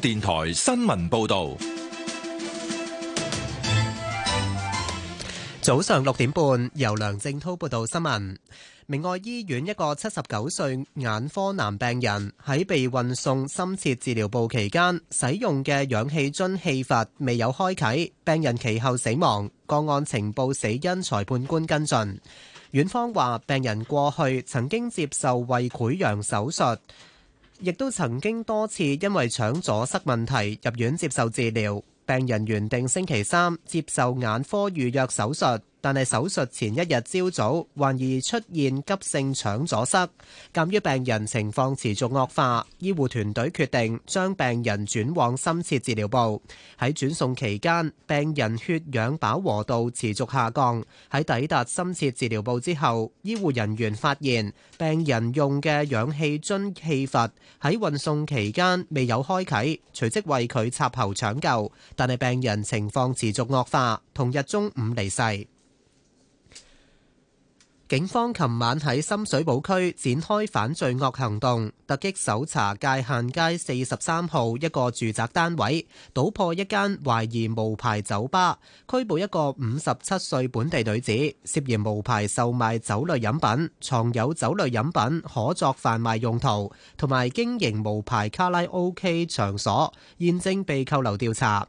電台新聞報道：早上六點半，由梁正濤報道新聞。明愛醫院一個七十九歲眼科男病人喺被運送深切治療部期間，使用嘅氧氣樽氣閥未有開啟，病人其後死亡。個案情報死因裁判官跟進，院方話病人過去曾經接受胃潰瘍手術。亦都曾經多次因為腸阻塞問題入院接受治療，病人原定星期三接受眼科預約手術。但係手術前一日朝早，患兒出現急性腸阻塞。鑑於病人情況持續惡化，醫護團隊決定將病人轉往深切治療部。喺轉送期間，病人血氧飽和度持續下降。喺抵達深切治療部之後，醫護人員發現病人用嘅氧氣樽氣閥喺運送期間未有開啟，隨即為佢插喉搶救。但係病人情況持續惡化，同日中午離世。警方琴晚喺深水埗區展開反罪惡行動，突擊搜查界限街四十三號一個住宅單位，搗破一間懷疑無牌酒吧，拘捕一個五十七歲本地女子，涉嫌無牌售賣酒類飲品、藏有酒類飲品可作販賣用途，同埋經營無牌卡拉 OK 場所，現正被扣留調查。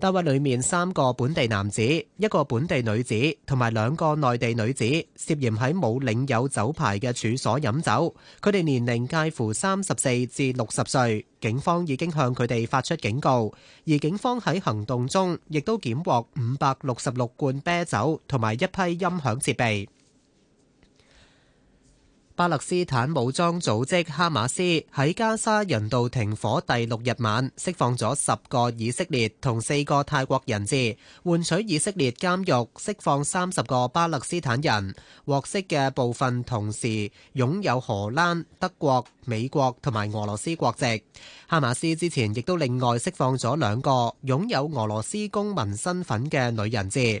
單位裏面三個本地男子、一個本地女子同埋兩個內地女子，涉嫌喺冇領有酒牌嘅處所飲酒。佢哋年齡介乎三十四至六十歲。警方已經向佢哋發出警告，而警方喺行動中亦都檢獲五百六十六罐啤酒同埋一批音響設備。巴勒斯坦武裝組織哈馬斯喺加沙人道停火第六日晚釋放咗十個以色列同四個泰國人質，換取以色列監獄釋放三十個巴勒斯坦人。獲釋嘅部分同時擁有荷蘭、德國、美國同埋俄羅斯國籍。哈馬斯之前亦都另外釋放咗兩個擁有俄羅斯公民身份嘅女人質。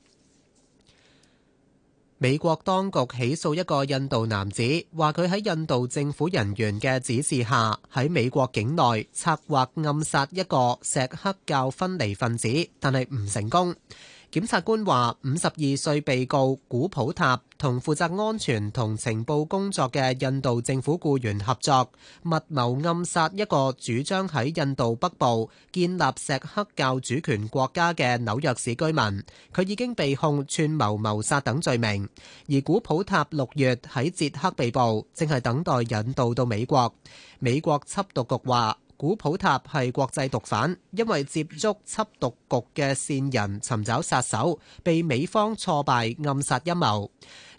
美國當局起訴一個印度男子，話佢喺印度政府人員嘅指示下，喺美國境內策劃暗殺一個錫克教分離分子，但係唔成功。檢察官話 ,52 歲被告古普塔同負責安全同情報工作嘅印度政府僱員合作，密謀暗殺一個主張喺印度北部建立錫克教主權國家嘅紐約市居民，佢已經被控串謀謀殺等罪名。而古普塔六月喺捷克被捕，正係等待引渡到美國。美國緝毒局話，古普塔係國際毒販，因為接觸緝毒局嘅線人，尋找殺手，被美方挫敗暗殺陰謀。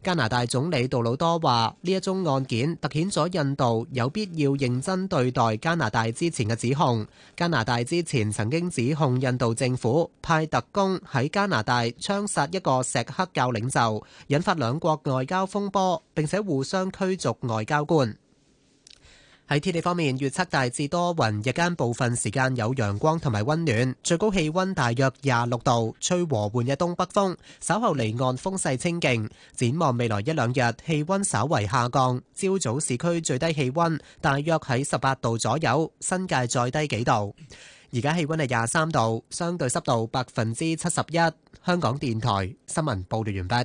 加拿大總理杜魯多話：呢一宗案件突顯咗印度有必要認真對待加拿大之前嘅指控。加拿大之前曾經指控印度政府派特工喺加拿大槍殺一個錫克教領袖，引發兩國外交風波，並且互相驅逐外交官。喺天氣方面，預測大致多雲，日間部分時間有陽光同埋溫暖，最高氣溫大約廿六度，吹和緩嘅東北風。稍後離岸風勢清勁。展望未來一兩日，氣溫稍為下降，朝早市區最低氣溫大約喺十八度左右，新界再低幾度。而家氣溫係廿三度，相對濕度百分之七十一。香港電台新聞報道完畢。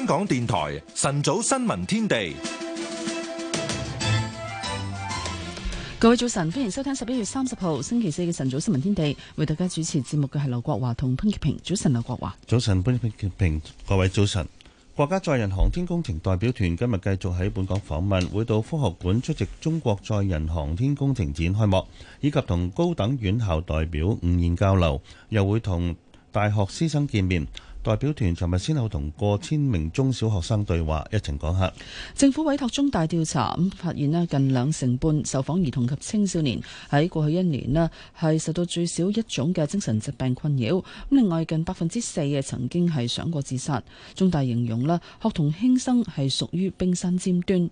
香港電台晨早新聞天地，各位早晨，歡迎收聽十一月三十號星期四嘅晨早新聞天地。為大家主持節目嘅係劉國華同潘潔平。Ing，早晨，劉國華。早晨，潘潔平。Ing，各位早晨。國家載人航天工程代表團今日繼續喺本港訪問，會到科學館出席中國載人航天工程展開幕，以及同高等院校代表午宴交流，又會同大學師生見面。代表團尋日先後同過千名中小學生對話，一齊講下。政府委託中大調查咁，發現咧近兩成半受訪兒童及青少年喺過去一年咧係受到最少一種嘅精神疾病困擾。咁另外近百分之四嘅曾經係想過自殺。中大形容咧學童輕生係屬於冰山尖端。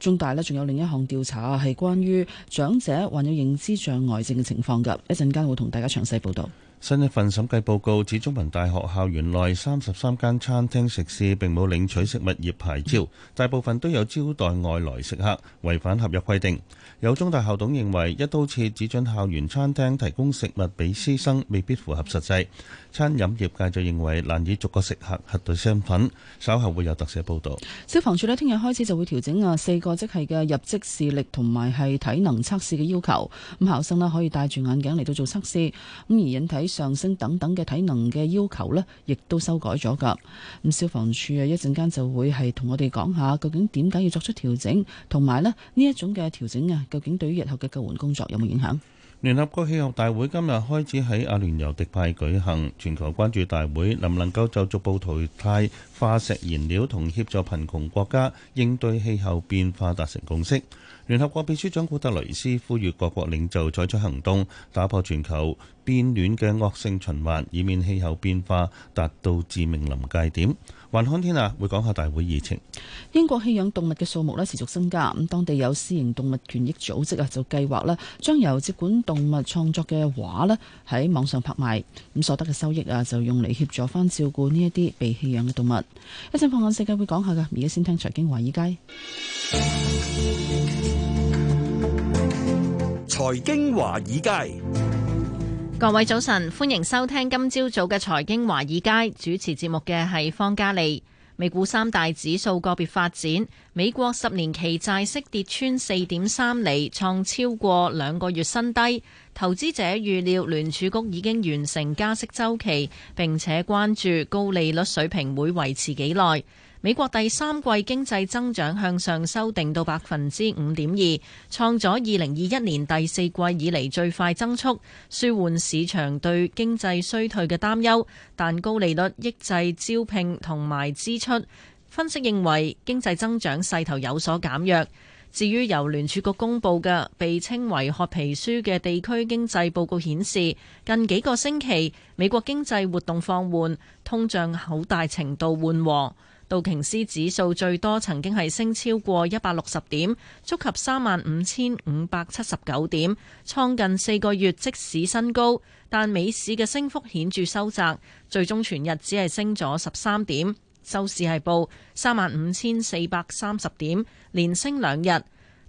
中大咧仲有另一項調查係關於長者患有認知障礙症嘅情況噶，一陣間會同大家詳細報道。新一份審計報告指，中文大學校園內三十三間餐廳食肆並冇領取食物業牌照，大部分都有招待外來食客，違反合約規定。有中大校董認為一刀切只準校園餐廳提供食物俾師生，未必符合實際。餐飲業界就認為難以逐個食客核對身份。稍後會有特寫報導。消防處咧，聽日開始就會調整啊，四個職系嘅入職視力同埋係體能測試嘅要求。咁考生咧可以戴住眼鏡嚟到做測試。咁而引體上升等等嘅體能嘅要求呢，亦都修改咗噶。咁消防處啊，一陣間就會係同我哋講下，究竟點解要作出調整，同埋呢呢一種嘅調整啊，究竟對於日後嘅救援工作有冇影響？聯合國氣候大會今日開始喺阿聯酋迪拜舉行，全球關注大會，能唔能夠就逐步淘汰化石燃料同協助貧窮國家應對氣候變化達成共識？聯合國秘書長古特雷斯呼籲各國領袖採取行動，打破全球變暖嘅惡性循環，以免氣候變化達到致命臨界點。雲康天下、啊、會講下大會議程。英國棄養動物嘅數目咧持續增加，咁當地有私營動物權益組織啊，就計劃咧將由接管動物創作嘅畫咧喺網上拍賣，咁所得嘅收益啊就用嚟協助翻照顧呢一啲被棄養嘅動物。一陣放眼世界會講下噶，而家先聽財經華爾街。財經華爾街。各位早晨，歡迎收聽今朝早嘅財經華爾街。主持節目嘅係方嘉莉。美股三大指數個別發展，美國十年期債息跌穿四點三厘，創超過兩個月新低。投資者預料聯儲局已經完成加息周期，並且關注高利率水平會維持幾耐。美國第三季經濟增長向上修訂到百分之五點二，創咗二零二一年第四季以嚟最快增速，舒緩市場對經濟衰退嘅擔憂。但高利率抑制招聘同埋支出，分析認為經濟增長勢頭有所減弱。至於由聯儲局公布嘅被稱為褐皮書嘅地區經濟報告顯示，近幾個星期美國經濟活動放緩，通脹好大程度緩和。道瓊斯指數最多曾經係升超過一百六十點，觸及三萬五千五百七十九點，創近四個月即市新高。但美市嘅升幅顯著收窄，最終全日只係升咗十三點，收市係報三萬五千四百三十點，連升兩日。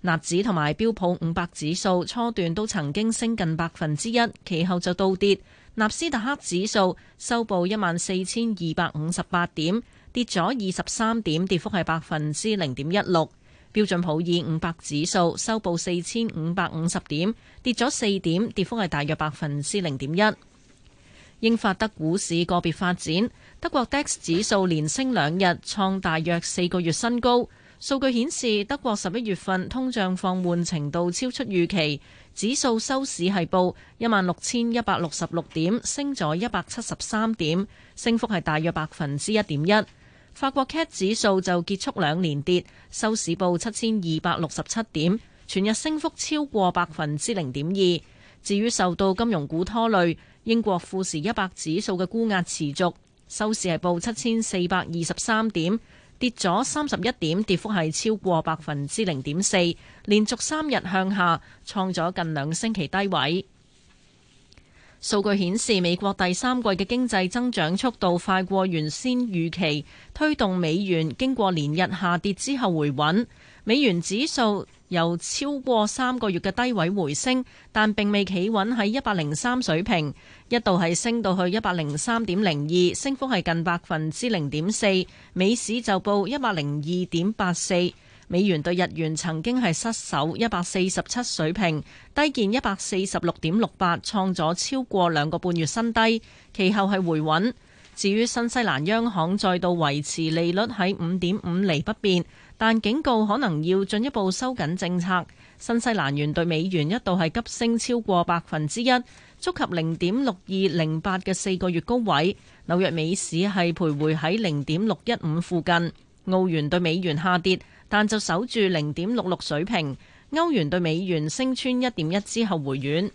納指同埋標普五百指數初段都曾經升近百分之一，其後就倒跌。納斯達克指數收報一萬四千二百五十八點。跌咗二十三點，跌幅係百分之零點一六。標準普爾五百指數收報四千五百五十點，跌咗四點，跌幅係大約百分之零點一。英法德股市個別發展，德國 DAX 指數連升兩日，創大約四個月新高。數據顯示，德國十一月份通脹放緩程度超出預期，指數收市係報一萬六千一百六十六點，升咗一百七十三點，升幅係大約百分之一點一。法國 CAC 指數就結束兩連跌，收市報七千二百六十七點，全日升幅超過百分之零點二。至於受到金融股拖累，英國富時一百指數嘅沽壓持續，收市係報七千四百二十三點，跌咗三十一點，跌幅係超過百分之零點四，連續三日向下，創咗近兩星期低位。數據顯示，美國第三季嘅經濟增長速度快過原先預期，推動美元經過連日下跌之後回穩。美元指數由超過三個月嘅低位回升，但並未企穩喺一百零三水平，一度係升到去一百零三點零二，升幅係近百分之零點四。美市就報一百零二點八四。美元對日元曾經係失守一百四十七水平，低見一百四十六點六八，創咗超過兩個半月新低。其後係回穩。至於新西蘭央行再度維持利率喺五點五厘不變，但警告可能要進一步收緊政策。新西蘭元對美元一度係急升超過百分之一，觸及零點六二零八嘅四個月高位。紐約美市係徘徊喺零點六一五附近。澳元對美元下跌。但就守住零點六六水平，歐元對美元升穿一點一之後回軟。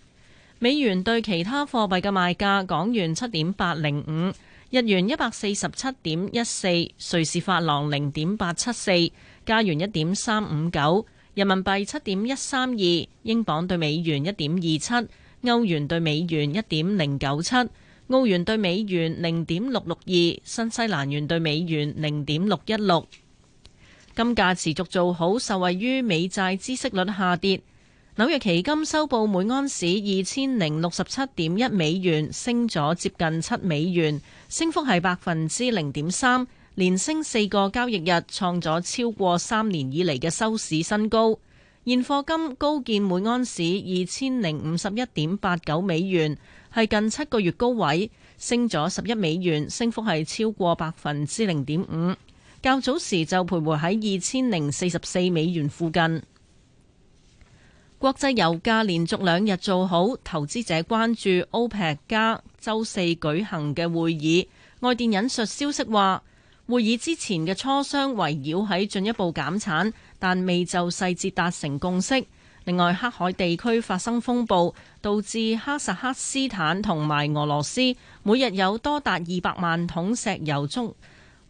美元對其他貨幣嘅賣價：港元七點八零五，日元一百四十七點一四，瑞士法郎零點八七四，加元一點三五九，人民幣七點一三二，英鎊對美元一點二七，歐元對美元一點零九七，澳元對美元零點六六二，新西蘭元對美元零點六一六。金價持續做好，受惠於美債孳息率下跌。紐約期金收報每安士二千零六十七點一美元，升咗接近七美元，升幅係百分之零點三，連升四個交易日，創咗超過三年以嚟嘅收市新高。現貨金高見每安士二千零五十一點八九美元，係近七個月高位，升咗十一美元，升幅係超過百分之零點五。較早時就徘徊喺二千零四十四美元附近。國際油價連續兩日做好，投資者關注歐佩克加周四舉行嘅會議。外電引述消息話，會議之前嘅磋商圍繞喺進一步減產，但未就細節達成共識。另外，黑海地區發生風暴，導致哈薩克斯坦同埋俄羅斯每日有多達二百萬桶石油中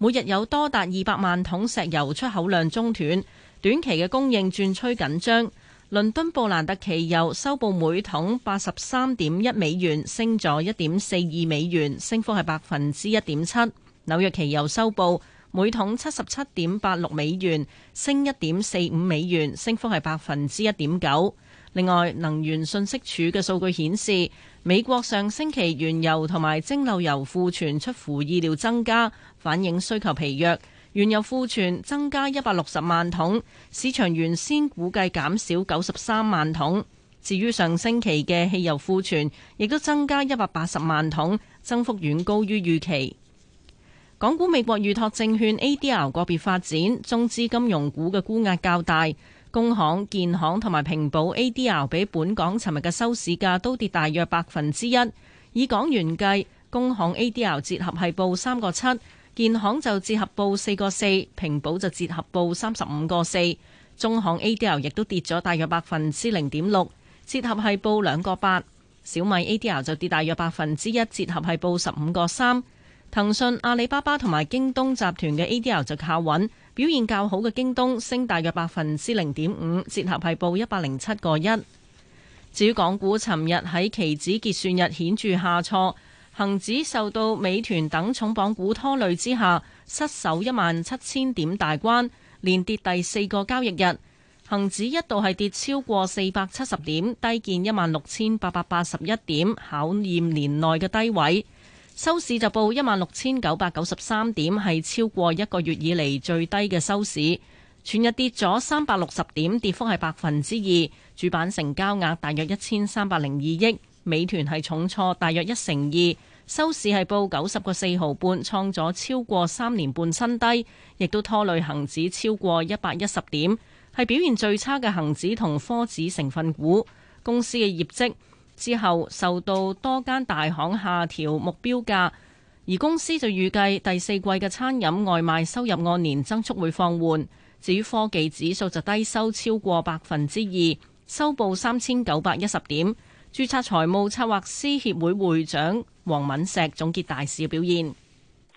每日有多達二百萬桶石油出口量中斷，短期嘅供應轉趨緊張。倫敦布蘭特期油收報每桶八十三點一美元，升咗一點四二美元，升幅係百分之一點七。紐約期油收報每桶七十七點八六美元，升一點四五美元，升幅係百分之一點九。另外，能源信息署嘅數據顯示，美國上星期原油同埋蒸餾油庫存出乎意料增加，反映需求疲弱。原油庫存增加一百六十萬桶，市場原先估計減少九十三萬桶。至於上星期嘅汽油庫存，亦都增加一百八十萬桶，增幅遠高於預期。港股美國預託證券 ADR 個別發展，中資金融股嘅沽壓較大。工行、建行同埋平保 ADR 比本港尋日嘅收市價都跌大約百分之一，以港元計，工行 ADR 折合係報三個七，建行就折合報四個四，平保就折合報三十五個四，中行 ADR 亦都跌咗大約百分之零點六，折合係報兩個八，小米 ADR 就跌大約百分之一，折合係報十五個三。騰訊、阿里巴巴同埋京東集團嘅 ADR 就靠穩，表現較好嘅京東升大約百分之零點五，折合係報一百零七個一。至於港股，尋日喺期指結算日顯著下挫，恒指受到美團等重磅股拖累之下，失守一萬七千點大關，連跌第四個交易日，恒指一度係跌超過四百七十點，低見一萬六千八百八十一點，考驗年內嘅低位。收市就報一萬六千九百九十三點，係超過一個月以嚟最低嘅收市。全日跌咗三百六十點，跌幅係百分之二。主板成交額大約一千三百零二億。美團係重挫大約一成二，收市係報九十個四毫半，創咗超過三年半新低，亦都拖累恒指超過一百一十點，係表現最差嘅恒指同科指成分股公司嘅業績。之後受到多間大行下調目標價，而公司就預計第四季嘅餐飲外賣收入按年增速會放緩。至於科技指數就低收超過百分之二，收報三千九百一十點。註冊財務策劃師協會會長黃敏石總結大市表現。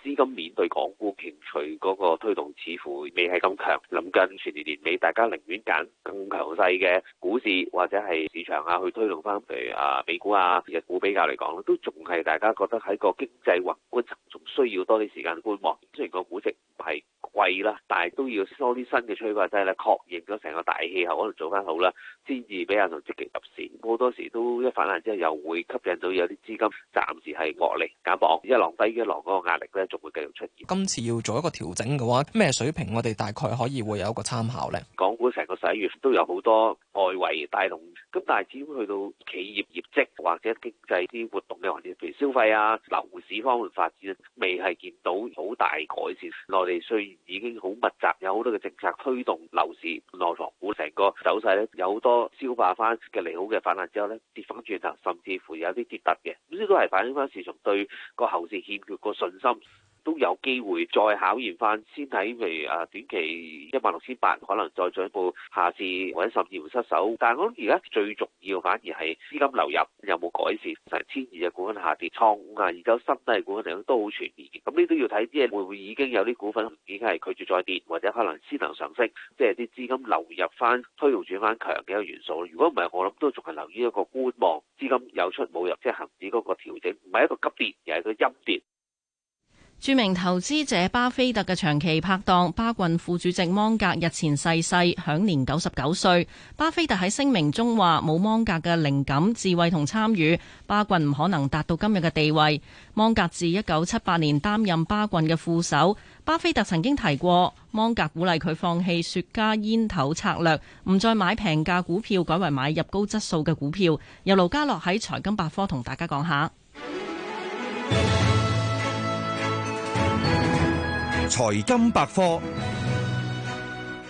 資金面對港股平隨嗰個推動似乎未係咁強，諗緊全年年尾大家寧願揀更強勢嘅股市或者係市場啊去推動翻，譬如啊美股啊日股比較嚟講都仲係大家覺得喺個經濟宏觀層仲需要多啲時間觀望。雖然個估值唔係貴啦，但係都要收啲新嘅催化劑咧，確認咗成個大氣候可能做翻好啦，先至俾人同積極入市。好多時都一反彈之後又會吸引到有啲資金暫時係落力減磅，一浪低一浪嗰個壓力咧。會繼續出現。今次要做一個調整嘅話，咩水平我哋大概可以會有一個參考呢？港股成個十一月都有好多外圍帶動，咁但係只要去到企業業績或者經濟啲活動嘅環節，譬如消費啊、樓市方面發展，未係見到好大改善。內地雖然已經好密集，有好多嘅政策推動樓市內房股成個走勢咧，有好多消化翻嘅利好嘅反彈之後咧，跌翻轉頭，甚至乎有啲跌突嘅，咁呢都係反映翻市場對個後市欠缺個信心。都有機會再考驗翻，先睇譬如啊短期一萬六千八，可能再進一步下次或者十二會失手。但係我諗而家最重要反而係資金流入有冇改善。成千二隻股份下跌，滬股啊，而家新低股份嚟講都好全面。咁呢都要睇即係會唔會已經有啲股份已經係拒絕再跌，或者可能先能上升，即係啲資金流入翻，推動轉翻強嘅一個元素。如果唔係，我諗都仲係留意一個觀望，資金有出冇入，即係恒指嗰個調整，唔係一個急跌，而係個陰跌。著名投資者巴菲特嘅長期拍檔巴郡副主席芒格日前逝世，享年九十九歲。巴菲特喺聲明中話：冇芒格嘅靈感、智慧同參與，巴郡唔可能達到今日嘅地位。芒格自一九七八年擔任巴郡嘅副手，巴菲特曾經提過，芒格鼓勵佢放棄雪茄煙頭策略，唔再買平價股票，改為買入高質素嘅股票。由盧家樂喺財金百科同大家講下。財金百科，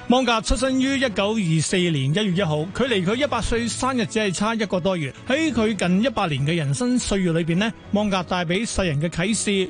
芒格出生於一九二四年一月一號，距離佢一百歲生日只係差一個多月。喺佢近一百年嘅人生歲月裏邊呢，芒格帶俾世人嘅啟示遠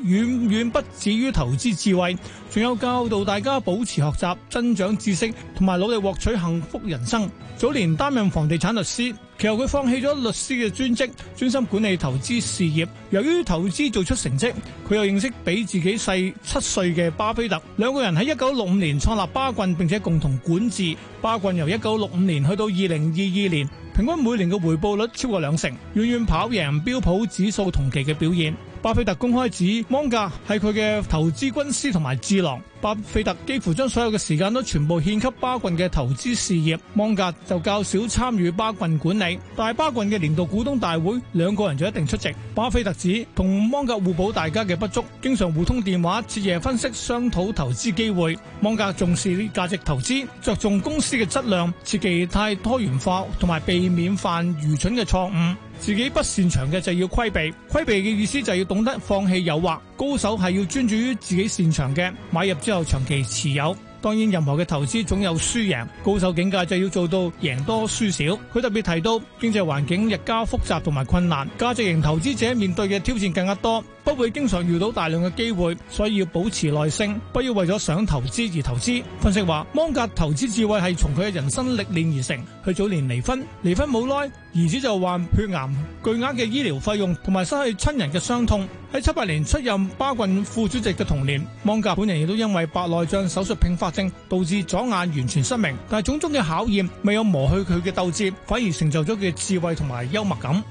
遠不止於投資智慧，仲有教導大家保持學習、增長知識同埋努力獲取幸福人生。早年擔任房地產律師。其後佢放棄咗律師嘅專職，專心管理投資事業。由於投資做出成績，佢又認識比自己細七歲嘅巴菲特。兩個人喺一九六五年創立巴郡，並且共同管治巴郡，由一九六五年去到二零二二年。平均每年嘅回報率超過兩成，遠遠跑贏標普指數同期嘅表現。巴菲特公開指芒格係佢嘅投資軍師同埋智囊。巴菲特幾乎將所有嘅時間都全部獻給巴郡嘅投資事業，芒格就較少參與巴郡管理。大巴郡嘅年度股東大會兩個人就一定出席。巴菲特指同芒格互補大家嘅不足，經常互通電話徹夜分析商討投資機會，芒格重視價值投資，着重公司嘅質量，切忌太多元化同埋被避免犯愚蠢嘅錯誤，自己不擅長嘅就要規避。規避嘅意思就係要懂得放棄誘惑。高手係要專注於自己擅長嘅，買入之後長期持有。當然，任何嘅投資總有輸贏，高手境界就要做到贏多輸少。佢特別提到經濟環境日加複雜同埋困難，價值型投資者面對嘅挑戰更加多，不會經常遇到大量嘅機會，所以要保持耐性，不要為咗想投資而投資。分析話，芒格投資智慧係從佢嘅人生歷練而成。佢早年離婚，離婚冇耐，兒子就患血癌，巨額嘅醫療費用同埋失去親人嘅傷痛。喺七八年出任巴郡副主席嘅同年，芒格本人亦都因為白內障手術併發症導致左眼完全失明。但係種種嘅考驗未有磨去佢嘅鬥志，反而成就咗佢嘅智慧同埋幽默感。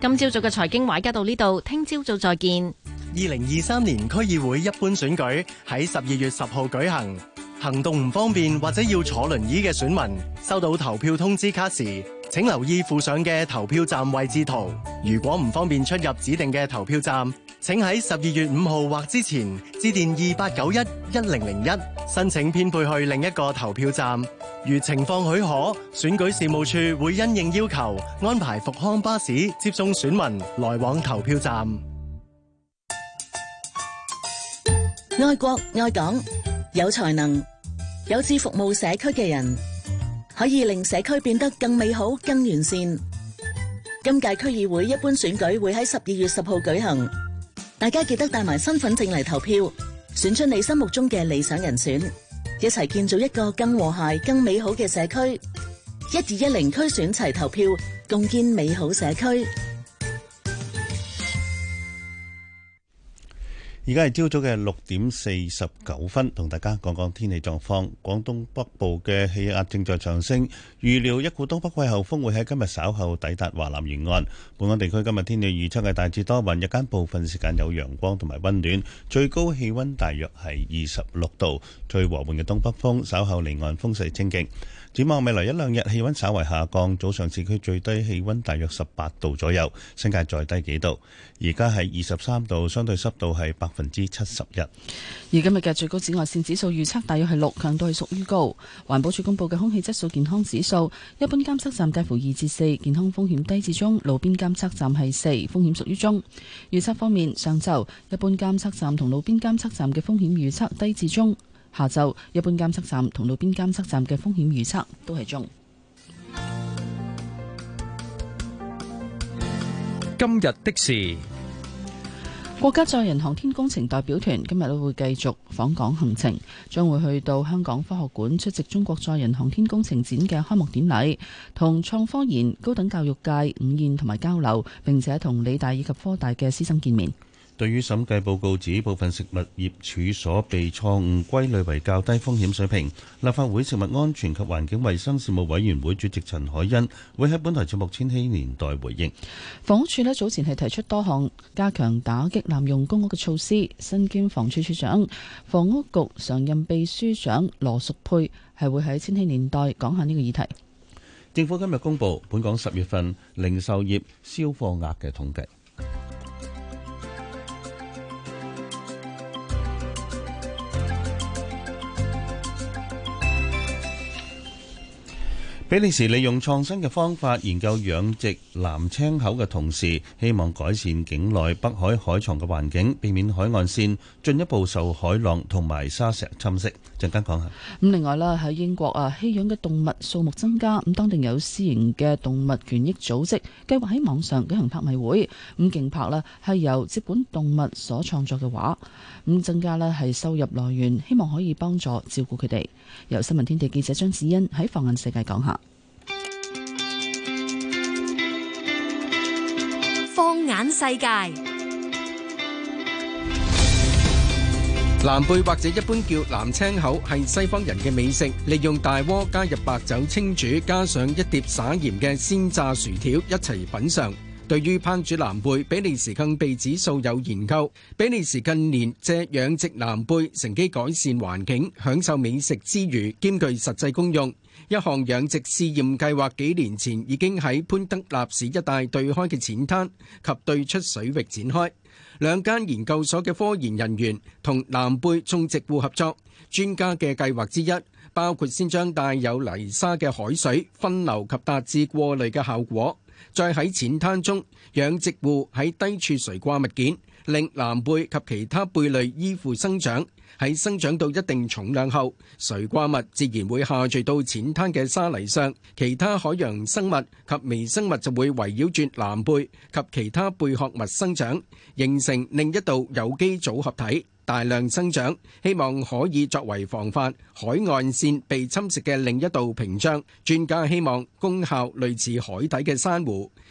今朝早嘅財經話家到呢度，聽朝早再見。二零二三年區議會一般選舉喺十二月十號舉行。行動唔方便或者要坐輪椅嘅選民收到投票通知卡時，請留意附上嘅投票站位置圖。如果唔方便出入指定嘅投票站，請喺十二月五號或之前致電二八九一一零零一申請編配去另一個投票站。如情況許可，選舉事務處會因應要求安排復康巴士接送選民來往投票站。愛國愛港，有才能、有志服務社區嘅人，可以令社區變得更美好、更完善。今屆區議會一般選舉會喺十二月十號舉行，大家記得帶埋身份證嚟投票，選出你心目中嘅理想人選，一齊建造一個更和諧、更美好嘅社區。一二一零區選齊投票，共建美好社區。而家係朝早嘅六點四十九分，同大家講講天氣狀況。廣東北部嘅氣壓正在上升，預料一股東北季候風會喺今日稍後抵達華南沿岸。本港地區今日天氣預測係大致多雲，日間部分時間有陽光同埋溫暖，最高氣溫大約係二十六度。最和緩嘅東北風稍後離岸風勢清，風勢清勁。展望未來一兩日，氣溫稍為下降，早上市區最低氣溫大約十八度左右，新界再低幾度。而家係二十三度，相對濕度係百分之七十一。而今日嘅最高紫外線指數預測大約係六，強度係屬於高。環保署公布嘅空氣質素健康指數，一般監測站介乎二至四，健康風險低至中；路邊監測站係四，風險屬於中。預測方面，上晝一般監測站同路邊監測站嘅風險預測低至中。下晝，一般監測站同路邊監測站嘅風險預測都係中。今日的事，國家載人航天工程代表團今日都會繼續訪港行程，將會去到香港科學館出席中國載人航天工程展嘅開幕典禮，同創科研高等教育界午宴同埋交流，並且同理大以及科大嘅師生見面。對於審計報告指部分食物業處所被錯誤歸類為較低風險水平，立法會食物安全及環境衞生事務委員會主席陳海欣會喺本台節目《千禧年代》回應。房屋署咧早前係提出多項加強打擊濫用公屋嘅措施。身兼房署署長、房屋局常任秘書長羅淑佩係會喺《千禧年代》講下呢個議題。政府今日公布本港十月份零售業銷貨額嘅統計。比利時利用創新嘅方法研究養殖藍青口嘅同時，希望改善境內北海海床嘅環境，避免海岸線進一步受海浪同埋沙石侵蝕。陣間講下。咁另外啦，喺英國啊，棄養嘅動物數目增加，咁當地有私營嘅動物權益組織計劃喺網上舉行拍賣會，咁競拍啦係由接管動物所創作嘅畫，咁增加咧係收入來源，希望可以幫助照顧佢哋。由新聞天地記者張子欣喺放眼世界講下。放眼世界。藍貝或者一般叫藍青口，係西方人嘅美食。利用大鍋加入白酒清煮，加上一碟撒鹽嘅鮮炸薯條，一齊品嘗。對於烹煮藍貝，比利時更被指素有研究。比利時近年借養殖藍貝，乘機改善環境，享受美食之餘，兼具實際功用。一項養殖試驗計劃，幾年前已經喺潘德納市一帶對開嘅淺灘及對出水域展開。兩間研究所嘅科研人員同南貝種植戶合作，專家嘅計劃之一包括先將帶有泥沙嘅海水分流及達至過濾嘅效果，再喺淺灘中，養殖戶喺低處垂掛物件，令南貝及其他貝類依附生長。喺生長到一定重量後，垂掛物自然會下墜到淺灘嘅沙泥上，其他海洋生物及微生物就會圍繞住藍貝及其他貝殼物生長，形成另一道有機組合體，大量生長，希望可以作為防範海岸線被侵蝕嘅另一道屏障。專家希望功效類似海底嘅珊瑚。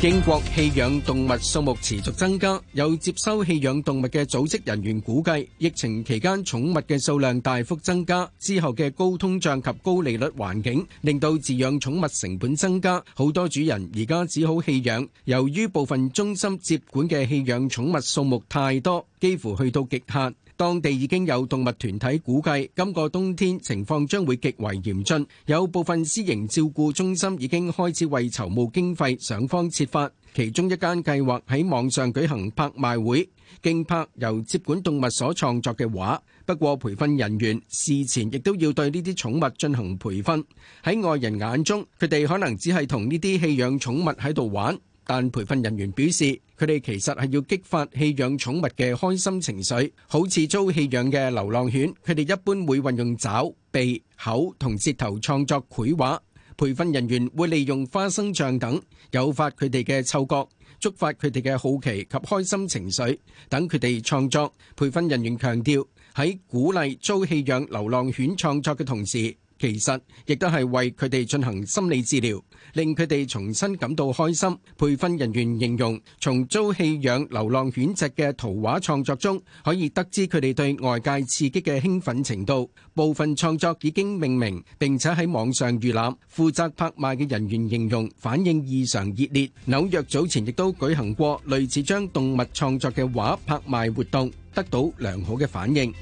英國棄養動物數目持續增加，有接收棄養動物嘅組織人員估計，疫情期間寵物嘅數量大幅增加，之後嘅高通脹及高利率環境令到飼養寵物成本增加，好多主人而家只好棄養。由於部分中心接管嘅棄養寵物數目太多，幾乎去到極限。當地已經有動物團體估計，今個冬天情況將會極為嚴峻。有部分私營照顧中心已經開始為籌募經費想方設法，其中一間計劃喺網上舉行拍賣會，競拍由接管動物所創作嘅畫。不過培訓人員事前亦都要對呢啲寵物進行培訓。喺外人眼中，佢哋可能只係同呢啲棄養寵物喺度玩。但培訓人員表示，佢哋其實係要激發棄養寵物嘅開心情緒。好似遭棄養嘅流浪犬，佢哋一般會運用爪、鼻、口同舌頭創作繪畫。培訓人員會利用花生醬等，誘發佢哋嘅嗅覺，觸發佢哋嘅好奇及開心情緒，等佢哋創作。培訓人員強調，喺鼓勵遭棄養流浪犬創作嘅同時，其實亦都係為佢哋進行心理治療。令佢哋重新感到開心。培訓人員形容，從遭棄養流浪犬隻嘅圖畫創作中，可以得知佢哋對外界刺激嘅興奮程度。部分創作已經命名並且喺網上預覽。負責拍賣嘅人員形容反應異常熱烈。紐約早前亦都舉行過類似將動物創作嘅畫拍賣活動，得到良好嘅反應。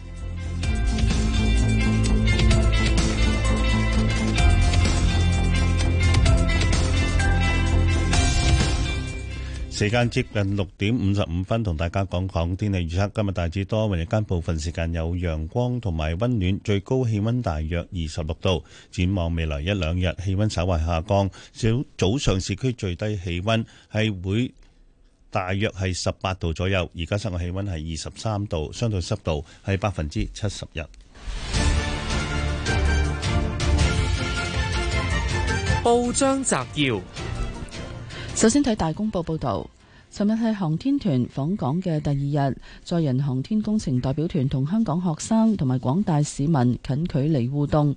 時間接近六點五十五分，同大家講講天氣預測。今日大致多雲，日間部分時間有陽光同埋溫暖，最高氣溫大約二十六度。展望未來一兩日，氣溫稍為下降。早早上市區最低氣溫係會大約係十八度左右，而家室外氣溫係二十三度，相對濕度係百分之七十一。報章摘要。首先睇大公報報道，尋日係航天團訪港嘅第二日，載人航天工程代表團同香港學生同埋廣大市民近距離互動。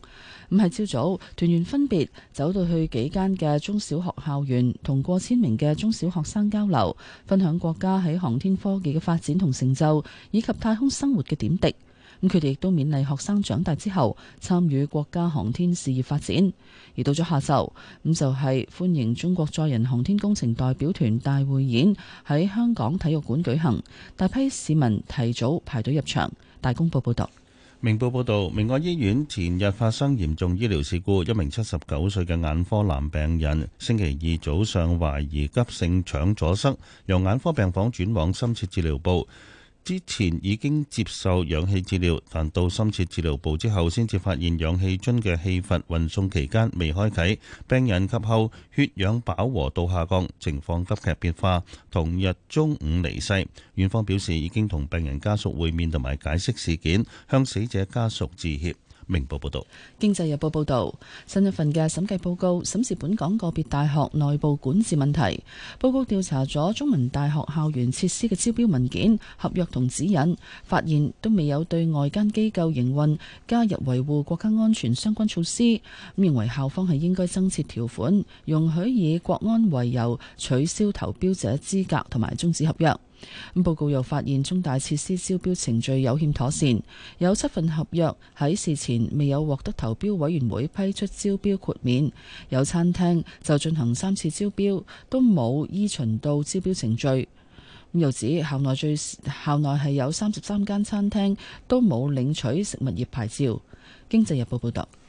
咁係朝早，團員分別走到去幾間嘅中小學校園，同過千名嘅中小學生交流，分享國家喺航天科技嘅發展同成就，以及太空生活嘅點滴。咁佢哋亦都勉勵學生長大之後參與國家航天事業發展。而到咗下晝，咁就係、是、歡迎中國載人航天工程代表團大匯演喺香港體育館舉行，大批市民提早排隊入場。大公報報道。明報報道，明愛醫院前日發生嚴重醫療事故，一名七十九歲嘅眼科男病人，星期二早上懷疑急性腸阻塞，由眼科病房轉往深切治療部。之前已經接受氧氣治療，但到深切治療部之後，先至發現氧氣樽嘅氣閥運送期間未開啓，病人及後血氧飽和度下降，情況急劇變化，同日中午離世。院方表示已經同病人家屬會面同埋解釋事件，向死者家屬致歉。明報報道，經濟日報報道，新一份嘅審計報告審視本港個別大學內部管治問題。報告調查咗中文大學校園設施嘅招標文件、合約同指引，發現都未有對外間機構營運加入維護國家安全相關措施，咁認為校方係應該增設條款，容許以國安為由取消投標者資格同埋終止合約。報告又發現，中大設施招標程序有欠妥善，有七份合約喺事前未有獲得投標委員會批出招標豁免，有餐廳就進行三次招標，都冇依循到招標程序。又指校內最校內係有三十三間餐廳都冇領取食物業牌照。經濟日報報道。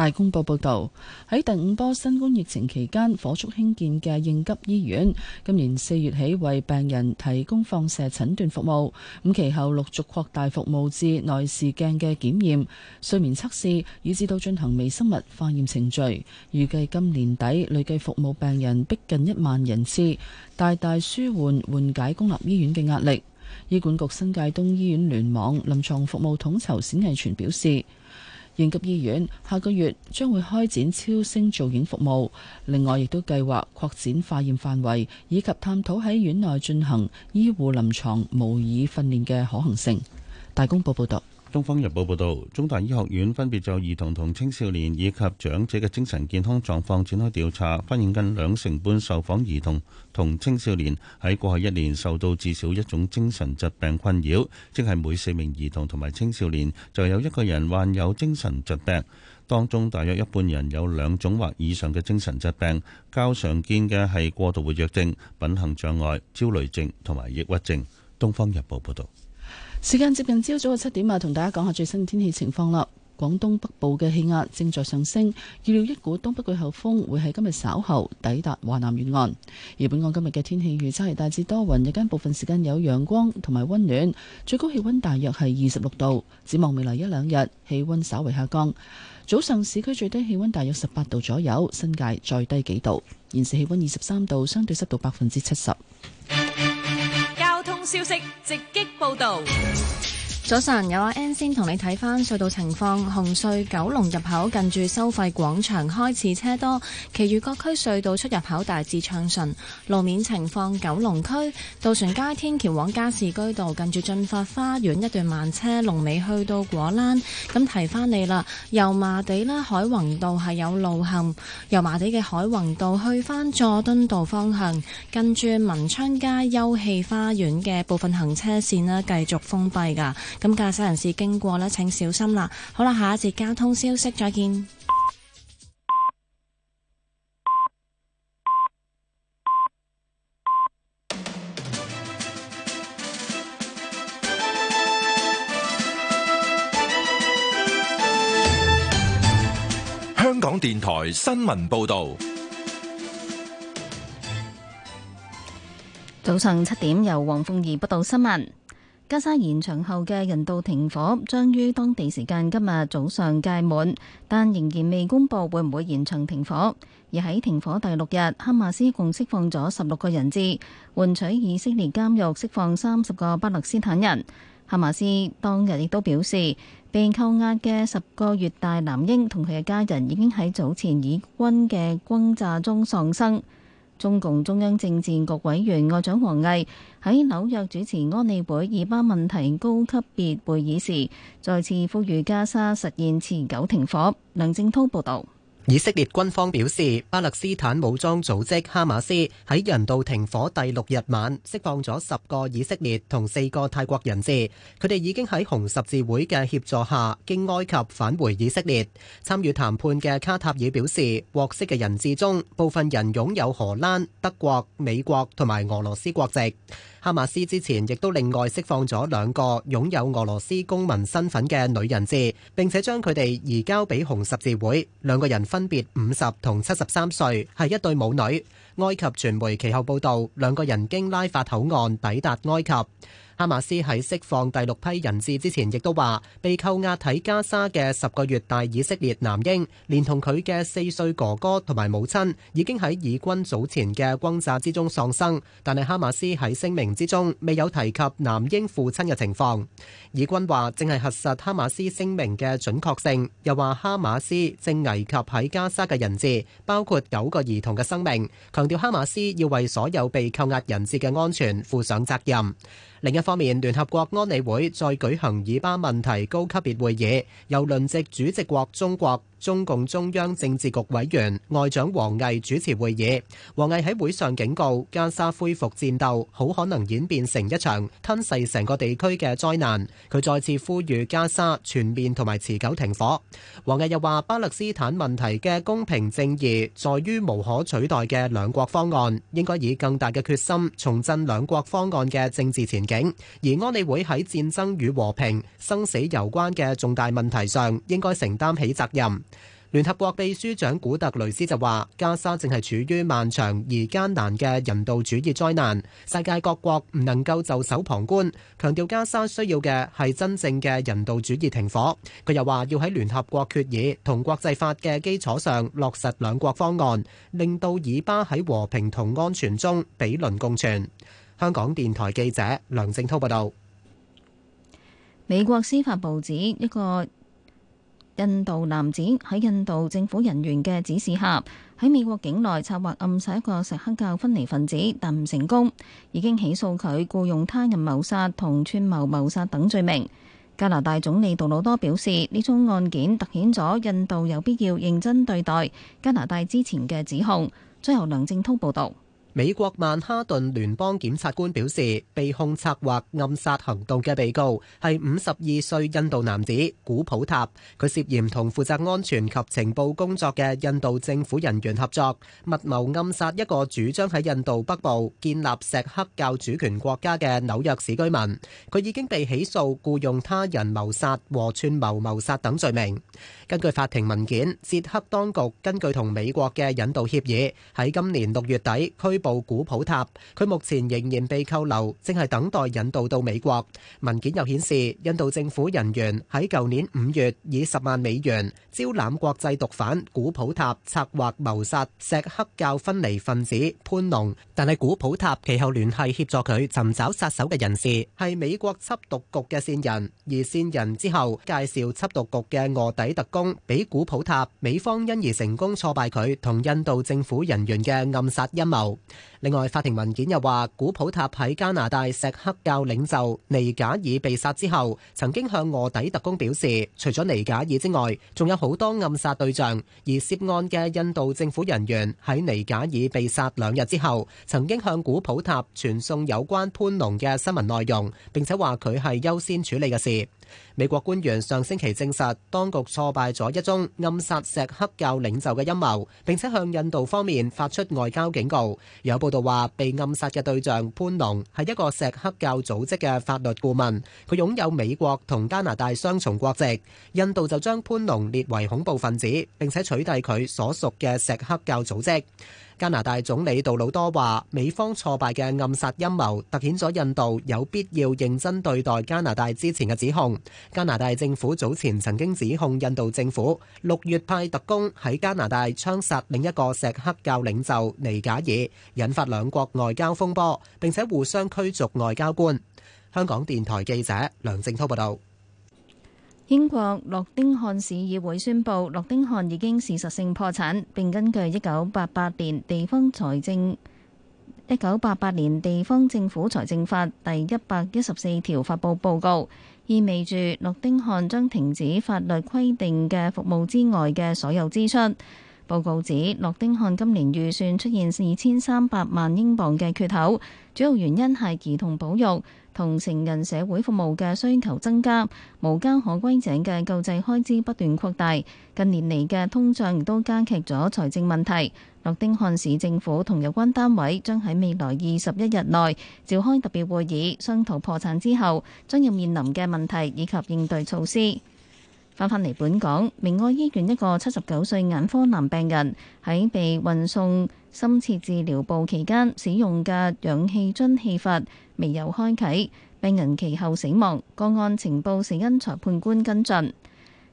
大公報報導，喺第五波新冠疫情期間火速興建嘅應急醫院，今年四月起為病人提供放射診斷服務，咁其後陸續擴大服務至內視鏡嘅檢驗、睡眠測試，以至到進行微生物化驗程序。預計今年底累計服務病人逼近一萬人次，大大舒緩緩解公立醫院嘅壓力。醫管局新界東醫院聯網臨床服務統籌冼毅全表示。應急醫院下個月將會開展超聲造影服務，另外亦都計劃擴展化驗範圍，以及探討喺院內進行醫護臨床模擬訓練嘅可行性。大公報報道。《東方日報》報道，中大醫學院分別就兒童同青少年以及長者嘅精神健康狀況展開調查，發現近兩成半受訪兒童同青少年喺過去一年受到至少一種精神疾病困擾，即係每四名兒童同埋青少年就有一個人患有精神疾病，當中大約一半人有兩種或以上嘅精神疾病，較常見嘅係過度活躍症、品行障礙、焦慮症同埋抑鬱症。《東方日報》報道。時間接近朝早嘅七點啊，同大家講下最新嘅天氣情況啦。廣東北部嘅氣壓正在上升，預料一股東北季候風會喺今日稍後抵達華南沿岸。而本港今日嘅天氣預測係大致多雲，日間部分時間有陽光同埋溫暖，最高氣溫大約係二十六度。展望未來一兩日，氣溫稍為下降。早上市區最低氣溫大約十八度左右，新界再低幾度。現時氣溫二十三度，相對濕度百分之七十。消息直擊報導。Yes. 早晨，有阿 N 先同你睇翻隧道情況。紅隧九龍入口近住收費廣場開始車多，其餘各區隧道出入口大致暢順。路面情況，九龍區渡船街天橋往加士居道近住進發花園一段慢車，龍尾去到果欄。咁提翻你啦，油麻地啦，海泓道係有路陷。油麻地嘅海泓道去翻佐敦道方向，近住文昌街休憩花園嘅部分行車線呢繼續封閉噶。咁駕駛人士經過呢，請小心啦！好啦，下一節交通消息，再見。香港電台新聞報導，早上七點由黃鳳儀報道新聞。加沙延長後嘅人道停火將於當地時間今日早上屆滿，但仍然未公佈會唔會延長停火。而喺停火第六日，哈馬斯共釋放咗十六個人質，換取以色列監獄釋放三十個巴勒斯坦人。哈馬斯當日亦都表示，被扣押嘅十個月大男嬰同佢嘅家人已經喺早前以軍嘅轟炸中喪生。中共中央政治局委員外長王毅喺紐約主持安理會以巴問題高級別會議時，再次呼籲加沙實現持久停火。梁正濤報道。以色列軍方表示，巴勒斯坦武裝組織哈馬斯喺人道停火第六日晚釋放咗十個以色列同四個泰國人質，佢哋已經喺紅十字會嘅協助下經埃及返回以色列。參與談判嘅卡塔爾表示，獲釋嘅人質中，部分人擁有荷蘭、德國、美國同埋俄羅斯國籍。哈馬斯之前亦都另外釋放咗兩個擁有俄羅斯公民身份嘅女人質，並且將佢哋移交畀紅十字會。兩個人分別五十同七十三歲，係一對母女。埃及傳媒其後報道，兩個人經拉法口岸抵達埃及。哈馬斯喺釋放第六批人質之前，亦都話被扣押喺加沙嘅十個月大以色列男嬰，連同佢嘅四歲哥哥同埋母親已經喺以軍早前嘅轟炸之中喪生。但係哈馬斯喺聲明之中未有提及男嬰父親嘅情況。以軍話正係核實哈馬斯聲明嘅準確性，又話哈馬斯正危及喺加沙嘅人質，包括九個兒童嘅生命，強調哈馬斯要為所有被扣押人質嘅安全負上責任。另一方面，聯合國安理會再舉行以巴問題高級別會議，由輪值主席國中國。中共中央政治局委員外長王毅主持會議，王毅喺會上警告，加沙恢復戰鬥好可能演變成一場吞噬成個地區嘅災難，佢再次呼籲加沙全面同埋持久停火。王毅又話巴勒斯坦問題嘅公平正義在於無可取代嘅兩國方案，應該以更大嘅決心重振兩國方案嘅政治前景。而安理會喺戰爭與和平、生死攸關嘅重大問題上，應該承擔起責任。聯合國秘書長古特雷斯就話：加沙正係處於漫長而艱難嘅人道主義災難，世界各國唔能夠袖手旁觀，強調加沙需要嘅係真正嘅人道主義停火。佢又話：要喺聯合國決議同國際法嘅基礎上落實兩國方案，令到以巴喺和平同安全中比鄰共存。香港電台記者梁正滔報道。美國司法部指一個印度男子喺印度政府人員嘅指示下，喺美國境內策劃暗殺一個錫克教分離分子，但唔成功，已經起訴佢僱用他人謀殺同串謀謀殺等罪名。加拿大總理杜魯多表示，呢宗案件凸顯咗印度有必要認真對待加拿大之前嘅指控。將由梁正濤報道。美國曼哈頓聯邦檢察官表示，被控策劃暗殺行動嘅被告係五十二歲印度男子古普塔。佢涉嫌同負責安全及情報工作嘅印度政府人員合作，密謀暗殺一個主張喺印度北部建立錫克教主權國家嘅紐約市居民。佢已經被起訴僱用他人謀殺和串謀謀殺等罪名。根據法庭文件，捷克當局根據同美國嘅引渡協議，喺今年六月底拘。布古普塔，佢目前仍然被扣留，正係等待引渡到美國。文件又顯示，印度政府人員喺舊年五月以十萬美元招攬國際毒販古普塔策劃謀殺錫克教分離分子潘龍，但係古普塔其後聯繫協助佢尋找殺手嘅人士，係美國緝毒局嘅線人，而線人之後介紹緝毒局嘅卧底特工俾古普塔，美方因而成功挫敗佢同印度政府人員嘅暗殺陰謀。另外，法庭文件又話，古普塔喺加拿大錫克教領袖尼賈爾被殺之後，曾經向臥底特工表示，除咗尼賈爾之外，仲有好多暗殺對象。而涉案嘅印度政府人員喺尼賈爾被殺兩日之後，曾經向古普塔傳送有關潘龍嘅新聞內容，並且話佢係優先處理嘅事。美國官員上星期證實，當局挫敗咗一宗暗殺錫克教領袖嘅陰謀，並且向印度方面發出外交警告。有報道話，被暗殺嘅對象潘龍係一個錫克教組織嘅法律顧問，佢擁有美國同加拿大雙重國籍。印度就將潘龍列為恐怖分子，並且取締佢所屬嘅錫克教組織。加拿大總理杜魯多話，美方挫敗嘅暗殺陰謀，突顯咗印度有必要認真對待加拿大之前嘅指控。加拿大政府早前曾經指控印度政府六月派特工喺加拿大槍殺另一個錫克教領袖尼賈爾，引發兩國外交風波，並且互相驅逐外交官。香港電台記者梁正滔報導。英國諾丁漢市議會宣布諾丁漢已經事實性破產，並根據一九八八年地方財政、一九八八年地方政府財政法第一百一十四條發布報告。意味住，諾丁漢將停止法律規定嘅服務之外嘅所有支出。報告指，諾丁漢今年預算出現二千三百萬英鎊嘅缺口，主要原因係兒童保育同成人社會服務嘅需求增加，無家可歸者嘅救濟開支不斷擴大，近年嚟嘅通脹亦都加劇咗財政問題。諾丁漢市政府同有關單位將喺未來二十一日內召開特別會議，商討破產之後將要面臨嘅問題，以及應對措施。翻返嚟本港，明愛醫院一個七十九歲眼科男病人喺被運送深切治療部期間，使用嘅氧氣樽氣閥未有開啟，病人其後死亡。個案情報死因裁判官跟進。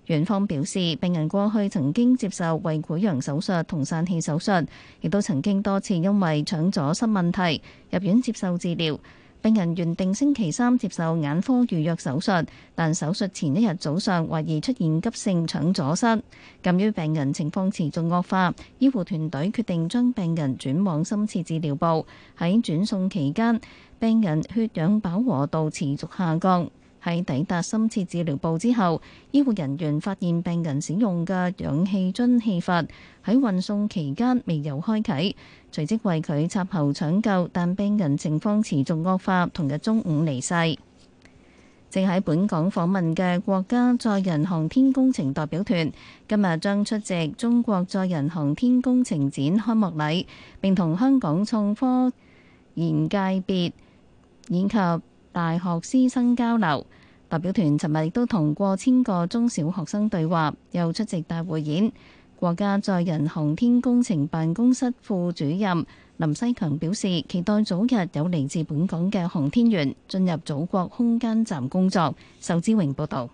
院方表示，病人過去曾經接受胃潰瘍手術同疝氣手術，亦都曾經多次因為腸阻塞問題入院接受治療，病人原定星期三接受眼科預約手術，但手術前一日早上懷疑出現急性腸阻塞。鑑於病人情況持續惡化，醫護團隊決定將病人轉往深切治療部。喺轉送期間，病人血氧飽和度持續下降。喺抵達深切治療部之後，醫護人員發現病人使用嘅氧氣樽氣閥喺運送期間未有開啟，隨即為佢插喉搶救，但病人情況持續惡化，同日中午離世。正喺本港訪問嘅國家載人航天工程代表團，今日將出席中國載人航天工程展開幕禮，並同香港創科研界別以及大學師生交流。代表團尋日亦都同過千個中小學生對話，又出席大匯演。國家載人航天工程辦公室副主任林西強表示，期待早日有嚟自本港嘅航天員進入祖國空間站工作。仇志榮報導。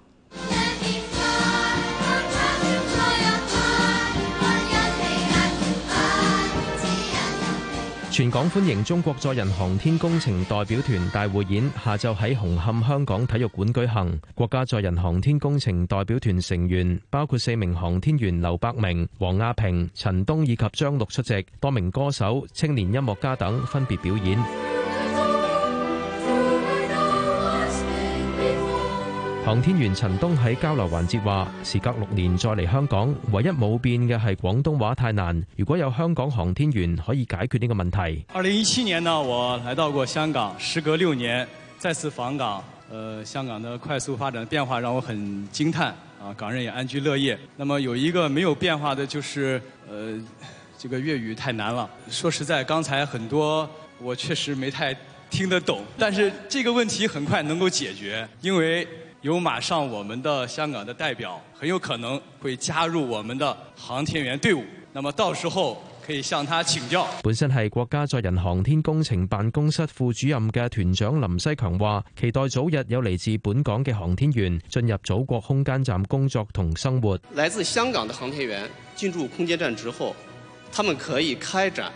全港歡迎中國載人航天工程代表團大匯演，下晝喺紅磡香港體育館舉行。國家載人航天工程代表團成員包括四名航天員劉伯明、王亞平、陳冬以及張陸出席，多名歌手、青年音樂家等分別表演。航天員陳東喺交流環節話：時隔六年再嚟香港，唯一冇變嘅係廣東話太難。如果有香港航天員可以解決呢個問題。二零一七年呢，我來到過香港，時隔六年再次訪港，呃，香港的快速發展的變化讓我很驚嘆，啊，港人也安居樂業。那麼有一個沒有變化的，就是，呃，這個粵語太難了。說實在，剛才很多我確實沒太聽得懂，但是這個問題很快能夠解決，因為。有馬上，我們的香港的代表很有可能會加入我們的航天員隊伍。那麼，到時候可以向他請教。本身係國家載人航天工程辦公室副主任嘅團長林西強話，期待早日有嚟自本港嘅航天員進入祖國空間站工作同生活。來自香港的航天員進入空間站之後，他們可以開展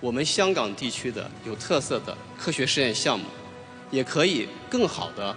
我們香港地區的有特色的科學實驗項目，也可以更好地。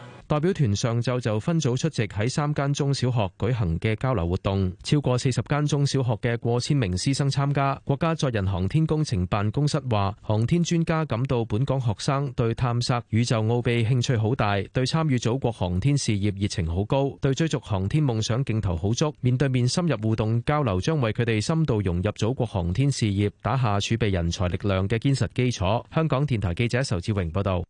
代表團上晝就分組出席喺三間中小學舉行嘅交流活動，超過四十間中小學嘅過千名師生參加。國家載人航天工程辦公室話：航天專家感到本港學生對探索宇宙奧秘興趣好大，對參與祖國航天事業熱情好高，對追逐航天夢想勁頭好足。面對面深入互動交流，將為佢哋深度融入祖國航天事業打下儲備人才力量嘅堅實基礎。香港電台記者仇志榮報道。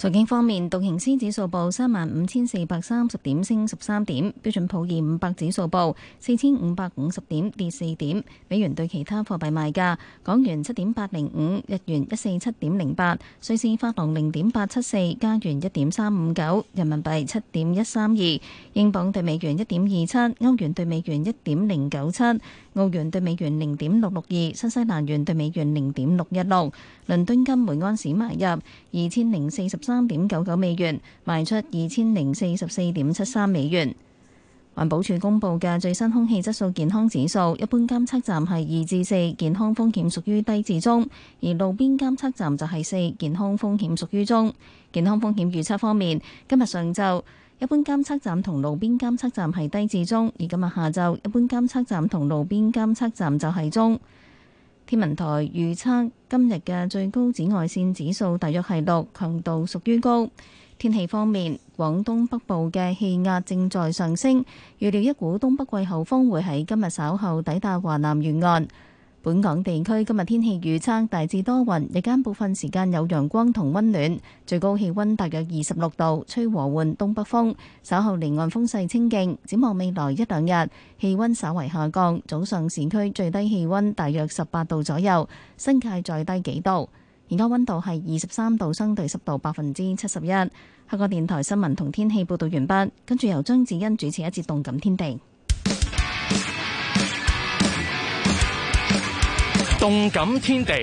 財經方面，道瓊斯指數報三萬五千四百三十點，升十三點；標準普爾五百指數報四千五百五十點，跌四點。美元對其他貨幣賣價：港元七點八零五，日元一四七點零八，瑞士法郎零點八七四，加元一點三五九，人民幣七點一三二，英鎊對美元一點二七，歐元對美元一點零九七。澳元兌美元零點六六二，新西蘭元兌美元零點六一六，倫敦金每安士買入二千零四十三點九九美元，賣出二千零四十四點七三美元。環保署公布嘅最新空氣質素健康指數，一般監測站係二至四，健康風險屬於低至中；而路邊監測站就係四，健康風險屬於中。健康風險預測方面，今日上晝，一般監測站同路邊監測站係低至中，而今日下晝一般監測站同路邊監測站就係中。天文台預測今日嘅最高紫外線指數大約係六，強度屬於高。天氣方面，廣東北部嘅氣壓正在上升，預料一股東北季候風會喺今日稍後抵達華南沿岸。本港地區今日天氣預測，大致多雲，日間部分時間有陽光同温暖，最高氣温大約二十六度，吹和緩東北風，稍後離岸風勢清勁。展望未來一兩日，氣温稍為下降，早上市區最低氣温大約十八度左右，新界再低幾度。而家温度係二十三度，相對濕度百分之七十一。香港電台新聞同天氣報導完畢，跟住由張子欣主持一節動感天地。動感天地，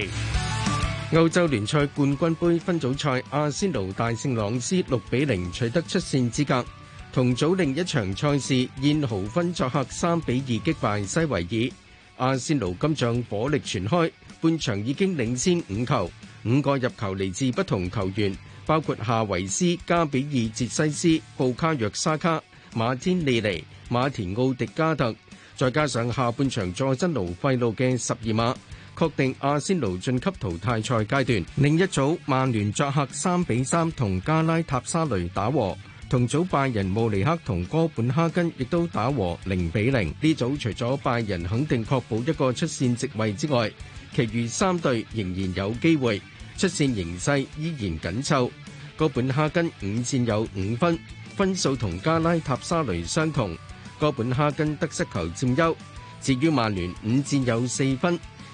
歐洲聯賽冠軍杯分組賽，阿仙奴大勝朗斯六比零取得出線資格。同組另一場賽事，燕豪芬作客三比二擊敗西維爾。阿仙奴今仗火力全開，半場已經領先五球，五個入球嚟自不同球員，包括夏維斯、加比爾、捷西斯、布卡約、沙卡、馬天利尼、馬田奧迪加特，再加上下半場再增盧費路嘅十二碼。確定阿仙奴晉級淘汰賽階段。另一組，曼聯作客三比三同加拉塔沙雷打和；同組拜仁慕尼黑同哥本哈根亦都打和零比零。呢組除咗拜仁肯定確保一個出線席位之外，其餘三隊仍然有機會出線。形勢依然緊湊。哥本哈根五戰有五分，分數同加拉塔沙雷相同。哥本哈根得失球佔優。至於曼聯五戰有四分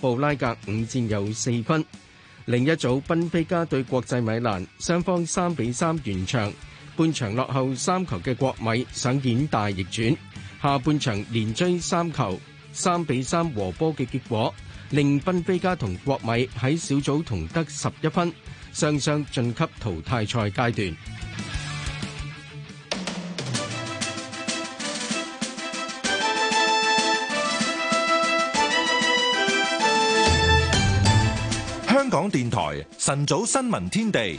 布拉格五戰有四分，另一組賓菲加對國際米蘭，雙方三比三完場，半場落後三球嘅國米上演大逆轉，下半場連追三球，三比三和波嘅結果，令賓菲加同國米喺小組同得十一分，雙雙晉級淘汰賽階段。電台晨早新聞天地，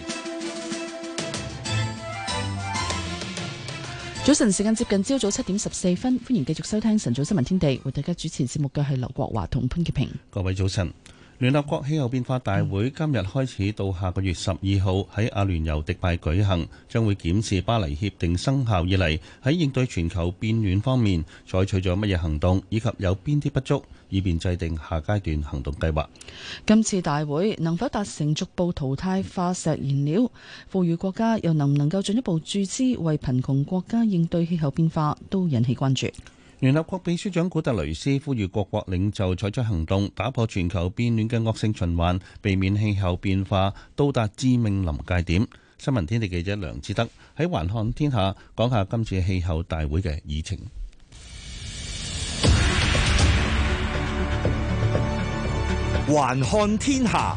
早晨時間接近朝早七點十四分，歡迎繼續收聽晨早新聞天地，為大家主持節目嘅係劉國華同潘潔平。各位早晨，聯合國氣候變化大會今日開始到下個月十二號喺阿聯酋迪拜舉行，將會檢視巴黎協定生效以嚟喺應對全球變暖方面採取咗乜嘢行動，以及有邊啲不足。以便制定下階段行動計劃，今次大會能否達成逐步淘汰化石燃料？富裕國家又能唔能夠進一步注資為貧窮國家應對氣候變化，都引起關注。聯合國秘書長古特雷斯呼籲各國領袖採取行動打破全球變暖嘅惡性循環，避免氣候變化到達致命臨界點，新聞天地記者梁志德喺環看天下講下今次氣候大會嘅議程。還看天下，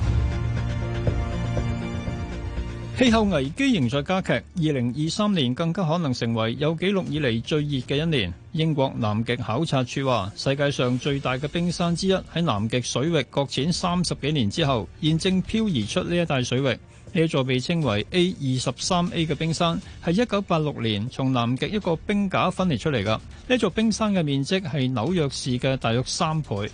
氣候危機仍在加劇。二零二三年更加可能成為有紀錄以嚟最熱嘅一年。英國南極考察處話，世界上最大嘅冰山之一喺南極水域擱淺三十幾年之後，現正漂移出呢一帶水域。呢座被稱為 A 二十三 A 嘅冰山，係一九八六年從南極一個冰架分離出嚟㗎。呢座冰山嘅面積係紐約市嘅大約三倍。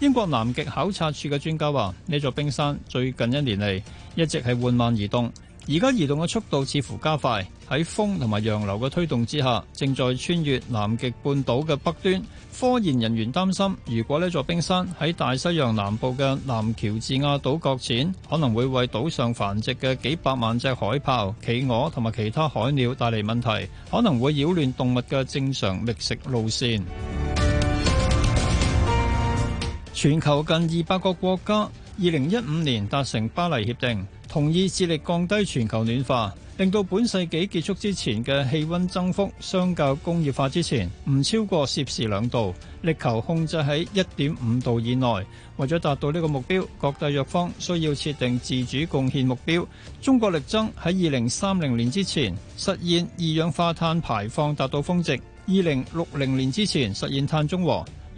英國南極考察處嘅專家話：呢座冰山最近一年嚟一直係緩慢移動，而家移動嘅速度似乎加快。喺風同埋洋流嘅推動之下，正在穿越南極半島嘅北端。科研人員擔心，如果呢座冰山喺大西洋南部嘅南喬治亞島擱淺，可能會為島上繁殖嘅幾百萬隻海豹、企鵝同埋其他海鳥帶嚟問題，可能會擾亂動物嘅正常覓食路線。全球近二百個國家，二零一五年達成巴黎協定，同意致力降低全球暖化，令到本世紀結束之前嘅氣溫增幅，相較工業化之前，唔超過攝氏兩度，力求控制喺一點五度以內。為咗達到呢個目標，各締約方需要設定自主貢獻目標。中國力爭喺二零三零年之前實現二氧化碳排放達到峰值，二零六零年之前實現碳中和。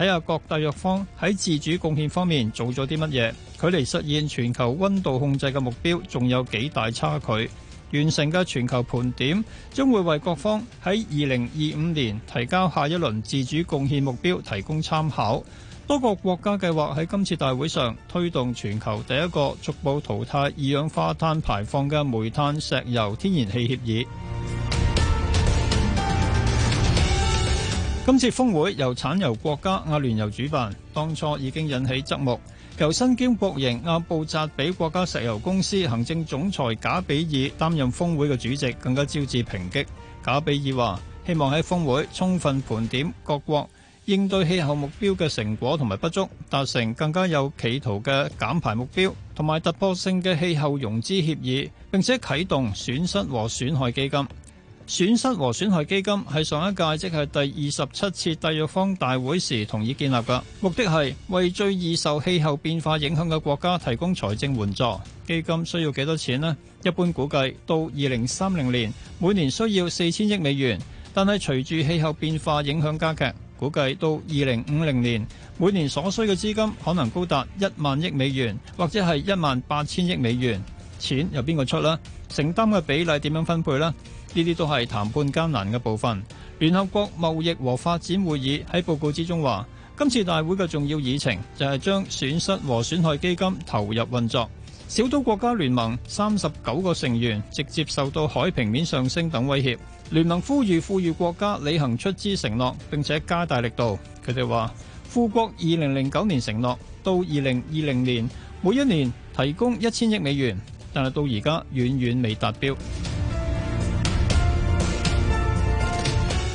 睇下各締約方喺自主貢獻方面做咗啲乜嘢，距離實現全球温度控制嘅目標仲有幾大差距。完成嘅全球盤點將會為各方喺二零二五年提交下一輪自主貢獻目標提供參考。多個國家計劃喺今次大會上推動全球第一個逐步淘汰二氧化碳排放嘅煤炭、石油、天然氣協議。今次峰會由產油國家阿聯酋主辦，當初已經引起側目，由身兼國營阿布扎比國家石油公司行政總裁賈比爾擔任峰會嘅主席，更加招致抨擊，賈比爾話希望喺峰會充分盤點各國應對氣候目標嘅成果同埋不足，達成更加有企圖嘅減排目標同埋突破性嘅氣候融資協議，並且啟動損失和損害基金。損失和損害基金係上一屆，即係第二十七次締約方大會時同意建立噶。目的係為最易受氣候變化影響嘅國家提供財政援助。基金需要幾多錢呢？一般估計到二零三零年每年需要四千億美元，但係隨住氣候變化影響加劇，估計到二零五零年每年所需嘅資金可能高達一萬億美元，或者係一萬八千億美元。錢由邊個出呢？承擔嘅比例點樣分配呢？呢啲都係談判艱難嘅部分。聯合國貿易和發展會議喺報告之中話，今次大會嘅重要議程就係將損失和損害基金投入運作。小島國家聯盟三十九個成員直接受到海平面上升等威脅，聯盟呼籲富裕國家履行出資承諾，並且加大力度。佢哋話，富國二零零九年承諾到二零二零年每一年提供一千億美元，但係到而家遠遠未達標。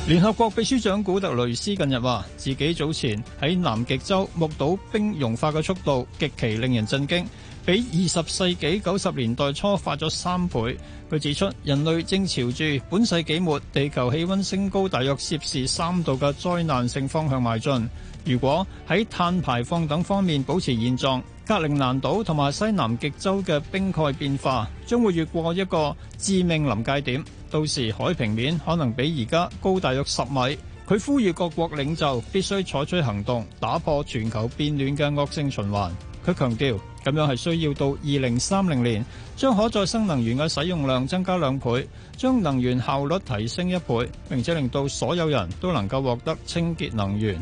聯合國秘書長古特雷斯近日話：自己早前喺南極洲目睹冰融化嘅速度極其令人震驚，比二十世紀九十年代初快咗三倍。佢指出，人類正朝住本世紀末地球氣温升高大約攝氏三度嘅災難性方向邁進。如果喺碳排放等方面保持現狀，格陵蘭島同埋西南極洲嘅冰蓋變化將會越過一個致命臨界點，到時海平面可能比而家高大約十米。佢呼籲各國領袖必須採取行動，打破全球變暖嘅惡性循環，佢強調咁樣，係需要到二零三零年將可再生能源嘅使用量增加兩倍，將能源效率提升一倍，並且令到所有人都能夠獲得清潔能源。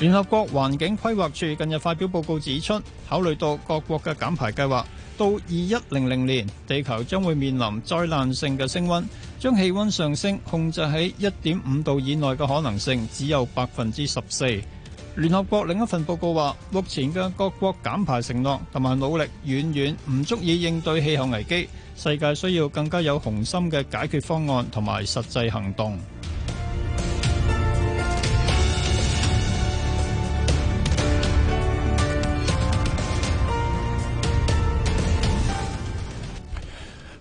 聯合國環境規劃署近日發表報告指出，考慮到各國嘅減排計劃，到二一零零年地球將會面臨災難性嘅升溫，將氣溫上升控制喺一點五度以內嘅可能性只有百分之十四。聯合國另一份報告話目前嘅各國減排承諾同埋努力，遠遠唔足以應對氣候危機，世界需要更加有雄心嘅解決方案同埋實際行動。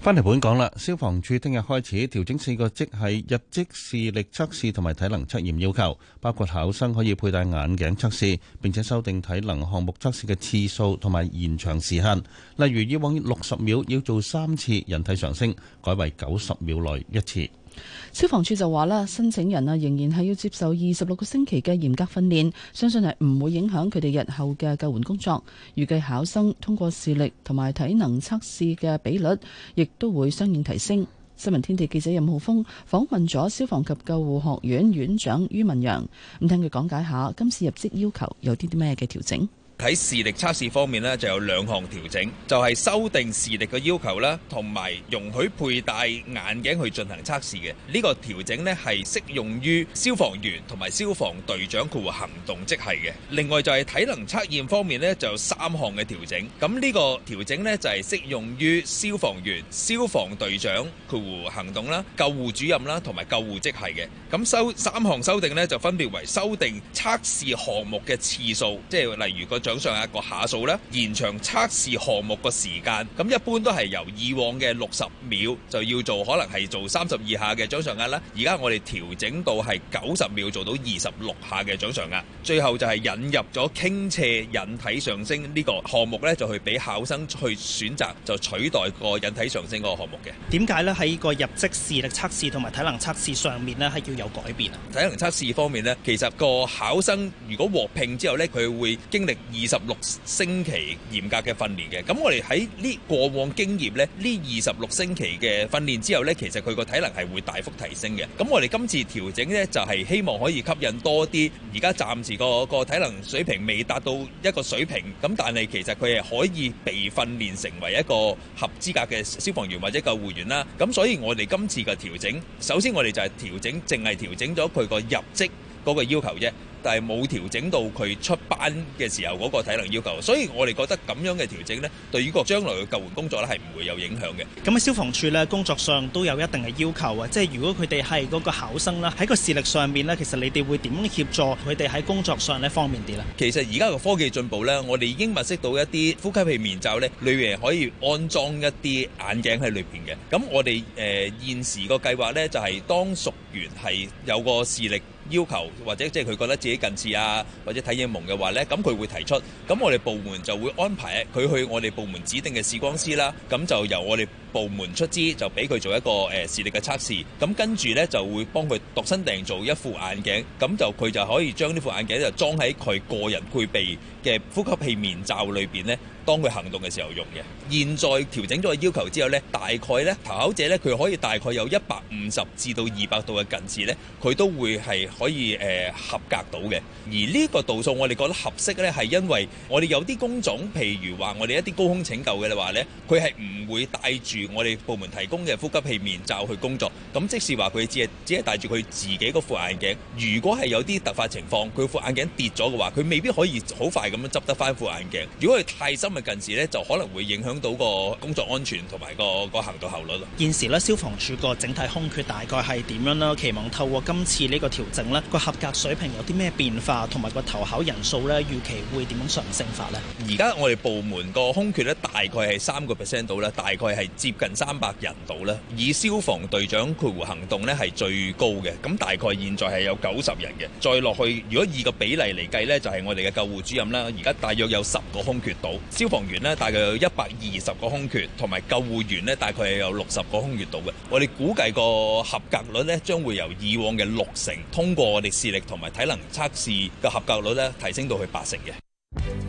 翻嚟本港啦，消防處聽日開始調整四個職系入職視力測試同埋體能測驗要求，包括考生可以佩戴眼鏡測試，並且修訂體能項目測試嘅次數同埋延長時限。例如，以往六十秒要做三次引體上升，改為九十秒內一次。消防處就話啦，申請人啊仍然係要接受二十六個星期嘅嚴格訓練，相信係唔會影響佢哋日後嘅救援工作。預計考生通過視力同埋體能測試嘅比率，亦都會相應提升。新聞天地記者任浩峰訪問咗消防及救護學院院長于文揚，咁聽佢講解下今次入職要求有啲啲咩嘅調整。喺視力測試方面咧，就有兩項調整，就係、是、修訂視力嘅要求啦，同埋容許佩戴眼鏡去進行測試嘅。呢、這個調整咧係適用於消防員同埋消防隊長括弧行動職系嘅。另外就係體能測驗方面咧，就有三項嘅調整。咁、這、呢個調整呢，就係、是、適用於消防員、消防隊長括弧行動啦、救護主任啦同埋救護職系嘅。咁修三項修訂呢，就分別為修訂測試項目嘅次數，即係例如個。掌上壓個下數咧，延長測試項目個時間，咁一般都係由以往嘅六十秒就要做，可能係做三十二下嘅掌上壓啦。而家我哋調整到係九十秒做到二十六下嘅掌上壓。最後就係引入咗傾斜引體上升呢個項目咧，就去俾考生去選擇，就取代個引體上升嗰個項目嘅。點解咧？喺個入職視力測試同埋體能測試上面咧係要有改變啊？體能測試方面咧，其實個考生如果獲聘之後咧，佢會經歷。二十六星期嚴格嘅訓練嘅，咁我哋喺呢過往經驗呢，呢二十六星期嘅訓練之後呢，其實佢個體能係會大幅提升嘅。咁我哋今次調整呢，就係希望可以吸引多啲而家暫時個個體能水平未達到一個水平，咁但係其實佢係可以被訓練成為一個合資格嘅消防員或者救護員啦。咁所以我哋今次嘅調整，首先我哋就係調整，淨係調整咗佢個入職嗰個要求啫。但係冇調整到佢出班嘅時候嗰個體能要求，所以我哋覺得咁樣嘅調整咧，對於個將來嘅救援工作咧係唔會有影響嘅。咁啊，消防處咧工作上都有一定嘅要求啊，即係如果佢哋係嗰個考生啦，喺個視力上面呢，其實你哋會點協助佢哋喺工作上呢方便啲咧？其實而家嘅科技進步呢，我哋已經物識到一啲呼吸器面罩呢裏面可以安裝一啲眼鏡喺裏邊嘅。咁我哋誒、呃、現時個計劃呢，就係、是、當屬員係有個視力。要求或者即係佢覺得自己近視啊，或者睇影蒙嘅話咧，咁佢會提出，咁我哋部門就會安排佢去我哋部門指定嘅視光師啦，咁就由我哋部門出資就俾佢做一個誒、呃、視力嘅測試，咁跟住咧就會幫佢度身訂做一副眼鏡，咁就佢就可以將呢副眼鏡就裝喺佢個人配備嘅呼吸器面罩裏邊咧。當佢行動嘅時候用嘅。現在調整咗個要求之後呢，大概呢投考者呢，佢可以大概有一百五十至到二百度嘅近視呢，佢都會係可以誒、呃、合格到嘅。而呢個度數我哋覺得合適呢，係因為我哋有啲工種，譬如話我哋一啲高空拯救嘅話呢，佢係唔會戴住我哋部門提供嘅呼吸器面罩去工作。咁即使話佢只係只係戴住佢自己嗰副眼鏡，如果係有啲突發情況，佢副眼鏡跌咗嘅話，佢未必可以好快咁樣執得返副眼鏡。如果佢太深，近視咧就可能會影響到個工作安全同埋個個行動效率。現時咧消防處個整體空缺大概係點樣咧？期望透過今次呢個調整咧，個合格水平有啲咩變化，同埋個投考人數咧預期會點樣上升法咧？而家我哋部門個空缺咧大概係三個 percent 度咧，大概係接近三百人度咧。以消防隊長、括弧行動咧係最高嘅，咁大概現在係有九十人嘅。再落去，如果以個比例嚟計咧，就係、是、我哋嘅救護主任啦。而家大約有十個空缺度消。消防員呢，大概有一百二十個空缺，同埋救護員呢，大概有六十個空缺到嘅。我哋估計個合格率呢，將會由以往嘅六成通過我哋視力同埋體能測試嘅合格率呢，提升到去八成嘅。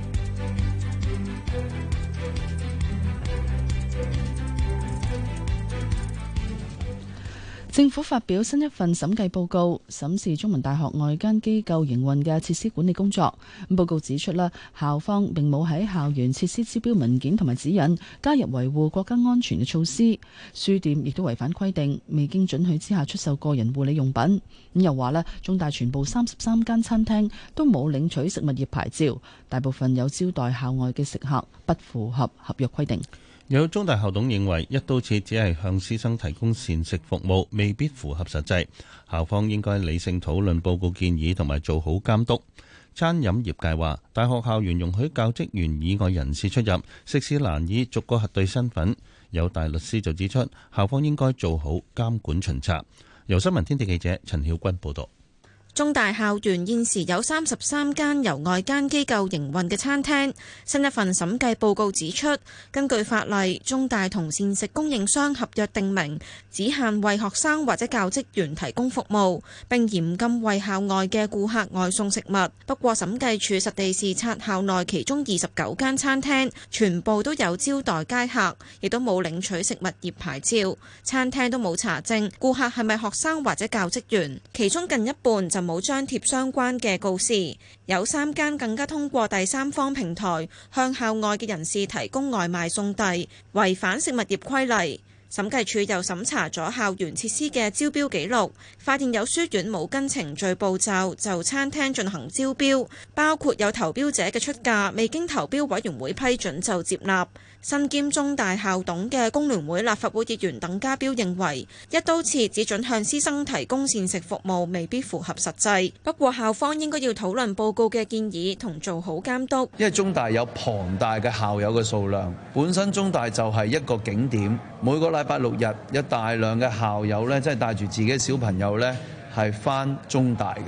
政府發表新一份審計報告，審視中文大學外間機構營運嘅設施管理工作。報告指出啦，校方並冇喺校園設施招標文件同埋指引加入維護國家安全嘅措施。書店亦都違反規定，未經准許之下出售個人護理用品。咁又話咧，中大全部三十三間餐廳都冇領取食物業牌照，大部分有招待校外嘅食客，不符合合約規定。有中大校董認為，一刀切只係向師生提供膳食服務，未必符合實際。校方應該理性討論報告建議，同埋做好監督。餐飲業界話，大學校園容許教職員以外人士出入，食肆難以逐個核對身份。有大律師就指出，校方應該做好監管巡查。由新聞天地記者陳曉君報道。中大校園現時有三十三間由外間機構營運嘅餐廳。新一份審計報告指出，根據法例，中大同膳食供應商合約定明，只限為學生或者教職員提供服務，並嚴禁為校外嘅顧客外送食物。不過審計署實地視察校內其中二十九間餐廳，全部都有招待街客，亦都冇領取食物業牌照，餐廳都冇查證顧客係咪學生或者教職員。其中近一半就冇張貼相關嘅告示，有三間更加通過第三方平台向校外嘅人士提供外賣送遞，違反食物業規例。審計署又審查咗校園設施嘅招標記錄，發現有書院冇跟程序步驟就餐廳進行招標，包括有投標者嘅出價未經投標委員會批准就接納。身兼中大校董嘅工聯會立法會議員鄧家彪認為，一刀切只准向師生提供膳食服務，未必符合實際。不過校方應該要討論報告嘅建議同做好監督。因為中大有龐大嘅校友嘅數量，本身中大就係一個景點，每個禮拜六日，有大量嘅校友呢，即係帶住自己的小朋友係翻中大嘅，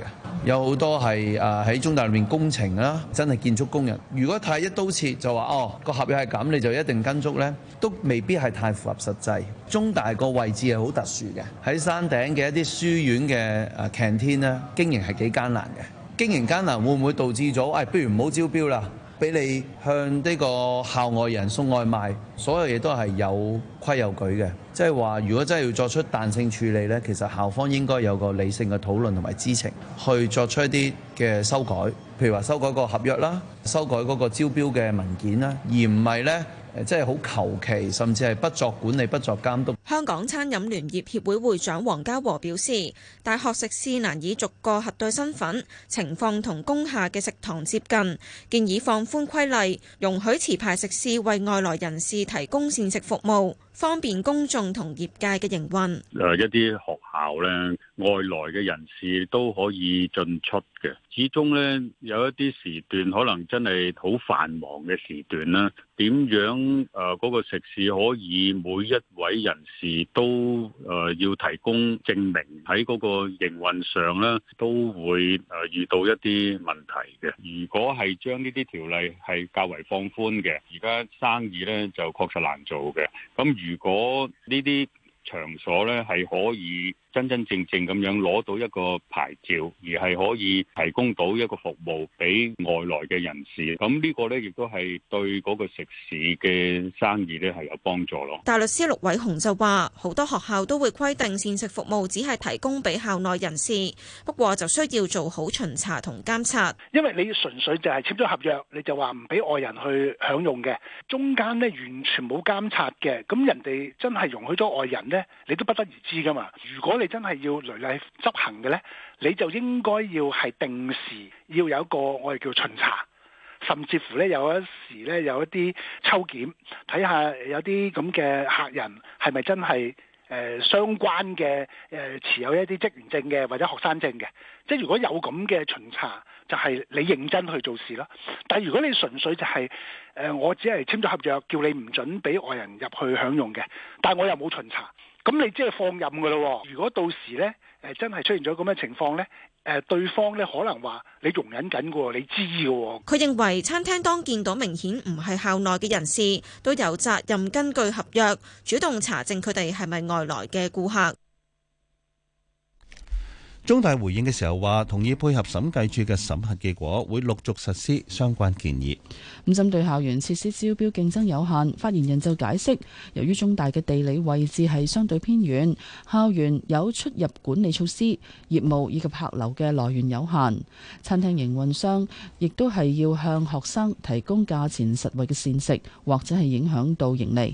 有好多係啊喺中大裏面工程啦，真係建築工人。如果太一刀切，就話哦個合約係咁，你就一定跟足呢，都未必係太符合實際。中大個位置係好特殊嘅，喺山頂嘅一啲書院嘅啊 canteen 咧，經營係幾艱難嘅，經營艱難會唔會導致咗誒、哎？不如唔好招標啦。俾你向呢個校外人送外賣，所有嘢都係有規有矩嘅。即係話，如果真係要作出彈性處理呢，其實校方應該有個理性嘅討論同埋知情，去作出一啲嘅修改，譬如話修改個合約啦，修改嗰個招標嘅文件啦，而唔係呢。誒，即係好求其，甚至係不作管理、不作監督。香港餐飲聯業協會會,會長黃家和表示，大學食肆難以逐個核對身份，情況，同工廈嘅食堂接近，建議放寬規例，容許持牌食肆為外來人士提供膳食服務。方便公眾同業界嘅營運，誒一啲學校咧，外來嘅人士都可以進出嘅。始終咧，有一啲時段可能真係好繁忙嘅時段啦。點樣誒嗰個食肆可以每一位人士都誒要提供證明？喺嗰個營運上咧，都會誒遇到一啲問題嘅。如果係將呢啲條例係較為放寬嘅，而家生意咧就確實難做嘅。咁如如果呢啲場所咧係可以，真真正正咁樣攞到一個牌照，而係可以提供到一個服務俾外來嘅人士，咁呢個呢，亦都係對嗰個食肆嘅生意呢係有幫助咯。大律師陸偉雄就話，好多學校都會規定膳食服務只係提供俾校內人士，不過就需要做好巡查同監察。因為你純粹就係簽咗合約，你就話唔俾外人去享用嘅，中間呢，完全冇監察嘅，咁人哋真係容許咗外人呢，你都不得而知㗎嘛。如果你真係要努力去執行嘅呢，你就應該要係定時要有一個我哋叫巡查，甚至乎呢，有一時呢，有一啲抽檢，睇下有啲咁嘅客人係咪真係誒、呃、相關嘅誒、呃、持有一啲職員證嘅或者學生證嘅，即係如果有咁嘅巡查，就係、是、你認真去做事咯。但係如果你純粹就係、是、誒、呃、我只係簽咗合約，叫你唔準俾外人入去享用嘅，但我又冇巡查。咁你即係放任噶咯？如果到時咧，誒真係出現咗咁嘅情況咧，誒對方咧可能話你容忍緊噶，你知噶。佢認為餐廳當見到明顯唔係校內嘅人士，都有責任根據合約主動查證佢哋係咪外來嘅顧客。中大回應嘅時候話，同意配合審計署嘅審核結果，會陸續實施相關建議。咁針對校園設施招標競爭有限，發言人就解釋，由於中大嘅地理位置係相對偏遠，校園有出入管理措施，業務以及客流嘅來源有限，餐廳營運商亦都係要向學生提供價錢實惠嘅膳食，或者係影響到盈利。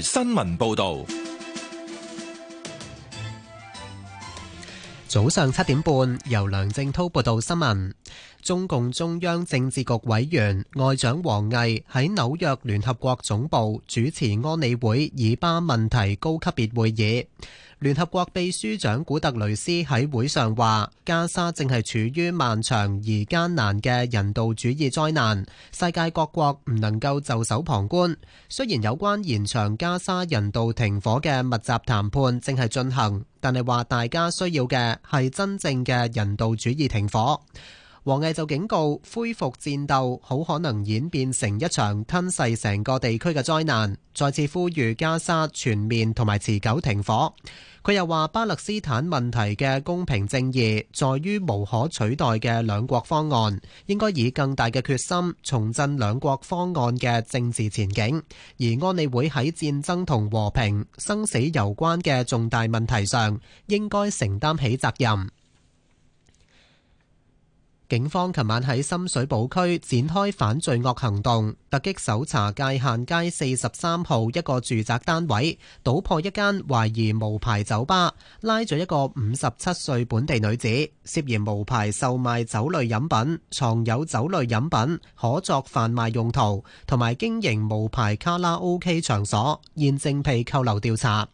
新聞報道。早上七點半，由梁正滔報道新聞。中共中央政治局委員、外長王毅喺紐約聯合國總部主持安理會以巴問題高級別會議。聯合國秘書長古特雷斯喺會上話：加沙正係處於漫長而艱難嘅人道主義災難，世界各國唔能夠袖手旁觀。雖然有關延長加沙人道停火嘅密集談判正係進行，但係話大家需要嘅係真正嘅人道主義停火。王毅就警告，恢復戰鬥好可能演變成一場吞噬成個地區嘅災難，再次呼籲加沙全面同埋持久停火。佢又話，巴勒斯坦問題嘅公平正義在於無可取代嘅兩國方案，應該以更大嘅決心重振兩國方案嘅政治前景。而安理會喺戰爭同和平、生死攸關嘅重大問題上，應該承擔起責任。警方琴晚喺深水埗區展開反罪惡行動，突擊搜查界限街四十三號一個住宅單位，搗破一間懷疑無牌酒吧，拉咗一個五十七歲本地女子涉嫌無牌售賣酒類飲品、藏有酒類飲品可作販賣用途，同埋經營無牌卡拉 OK 場所，現正被扣留調查。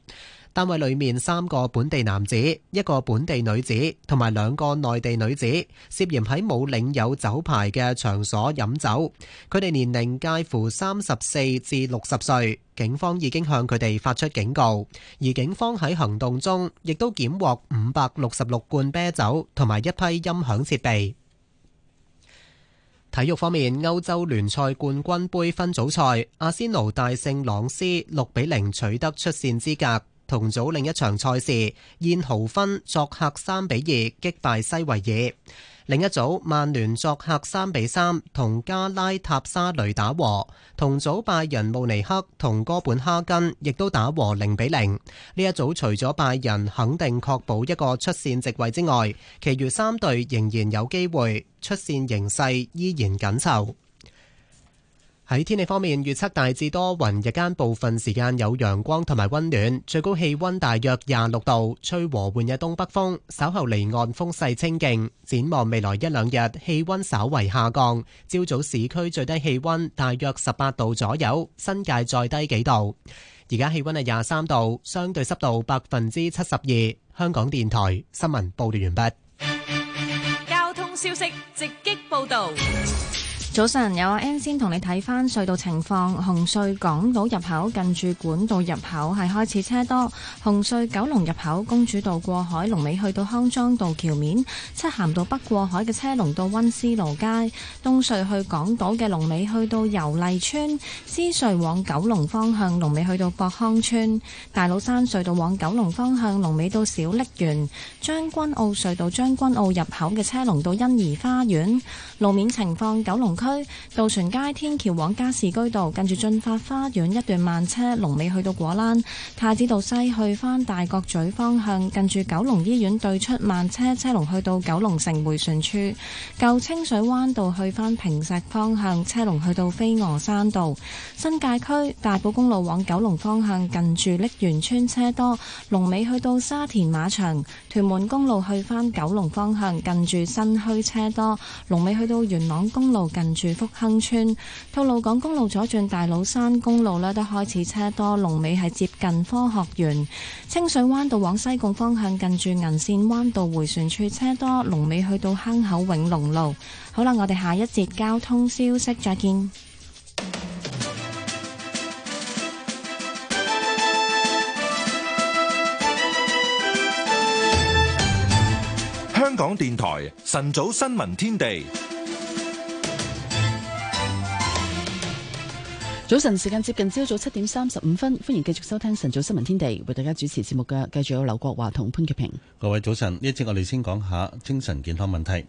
單位裏面三個本地男子、一個本地女子同埋兩個內地女子涉嫌喺冇領有酒牌嘅場所飲酒。佢哋年齡介乎三十四至六十歲。警方已經向佢哋發出警告，而警方喺行動中亦都檢獲五百六十六罐啤酒同埋一批音響設備。體育方面，歐洲聯賽冠軍盃分組賽，阿仙奴大勝朗斯六比零，取得出線資格。同組另一場賽事，燕豪芬作客三比二擊敗西維爾。另一組曼聯作客三比三同加拉塔沙雷打和。同組拜仁慕尼克同哥本哈根亦都打和零比零。呢一組除咗拜仁肯定確保一個出線席位之外，其餘三隊仍然有機會出線，形勢依然緊湊。喺天氣方面，預測大致多雲，日間部分時間有陽光同埋溫暖，最高氣溫大約廿六度，吹和緩嘅東北風。稍後離岸風勢清勁。展望未來一兩日，氣溫稍為下降，朝早市區最低氣溫大約十八度左右，新界再低幾度。而家氣溫係廿三度，相對濕度百分之七十二。香港電台新聞報道完畢。交通消息直擊報道。早晨，有阿 M 先同你睇返隧道情況。紅隧港島入口近住管道入口係開始車多。紅隧九龍入口公主道過海龍尾去到康莊道橋面。漆咸道北過海嘅車龍到溫思勞街。東隧去港島嘅龍尾去到油麗邨。獅隧往九龍方向龍尾去到博康邨。大老山隧道往九龍方向龍尾到小瀝源。將軍澳隧道將軍澳入口嘅車龍到欣怡花園。路面情況，九龍區。區渡船街天橋往加士居道，近住駿發花園一段慢車，龍尾去到果欄太子道西去翻大角咀方向，近住九龍醫院對出慢車，車龍去到九龍城迴旋處；舊清水灣道去翻坪石方向，車龍去到飛鵝山道；新界區大埔公路往九龍方向，近住瀝源村車多，龍尾去到沙田馬場；屯門公路去翻九龍方向，近住新墟車多，龍尾去到元朗公路近。住福亨村，吐露港公路左轉大老山公路咧，都開始車多；龍尾係接近科學園、清水灣道往西貢方向，近住銀線灣道回旋處車多；龍尾去到坑口永隆路。好啦，我哋下一節交通消息再見。香港電台晨早新聞天地。早晨，時間接近朝早七點三十五分，歡迎繼續收聽晨早新聞天地，為大家主持節目嘅繼續有劉國華同潘潔平。各位早晨，呢一節我哋先講下精神健康問題。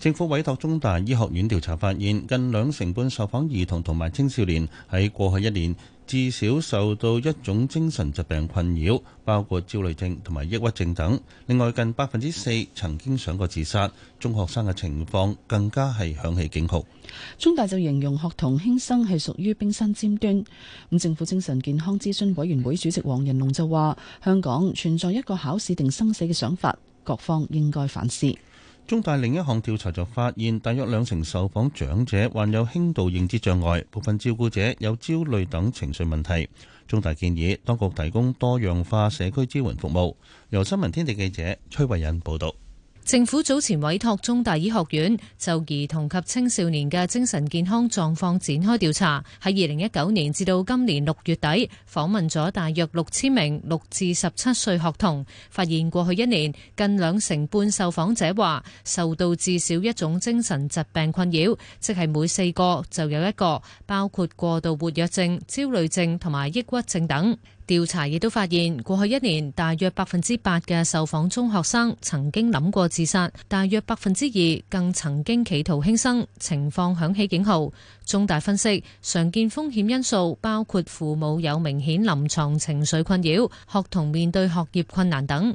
政府委託中大醫學院調查發現，近兩成半受訪兒童同埋青少年喺過去一年。至少受到一種精神疾病困擾，包括焦慮症同埋抑鬱症等。另外近，近百分之四曾經想過自殺，中學生嘅情況更加係響起警號。中大就形容學童輕生係屬於冰山尖端。咁，政府精神健康諮詢委員會主席黃仁龍就話香港存在一個考試定生死嘅想法，各方應該反思。中大另一項調查就發現，大約兩成受訪長者患有輕度認知障礙，部分照顧者有焦慮等情緒問題。中大建議當局提供多樣化社區支援服務。由新聞天地記者崔慧引報導。政府早前委託中大醫學院就兒童及青少年嘅精神健康狀況展開調查，喺二零一九年至到今年六月底，訪問咗大約六千名六至十七歲學童，發現過去一年近兩成半受訪者話受到至少一種精神疾病困擾，即係每四個就有一個，包括過度活躍症、焦慮症同埋抑鬱症等。調查亦都發現，過去一年大約百分之八嘅受訪中學生曾經諗過自殺，大約百分之二更曾經企圖輕生，情況響起警號。中大分析，常見風險因素包括父母有明顯臨床情緒困擾、學童面對學業困難等。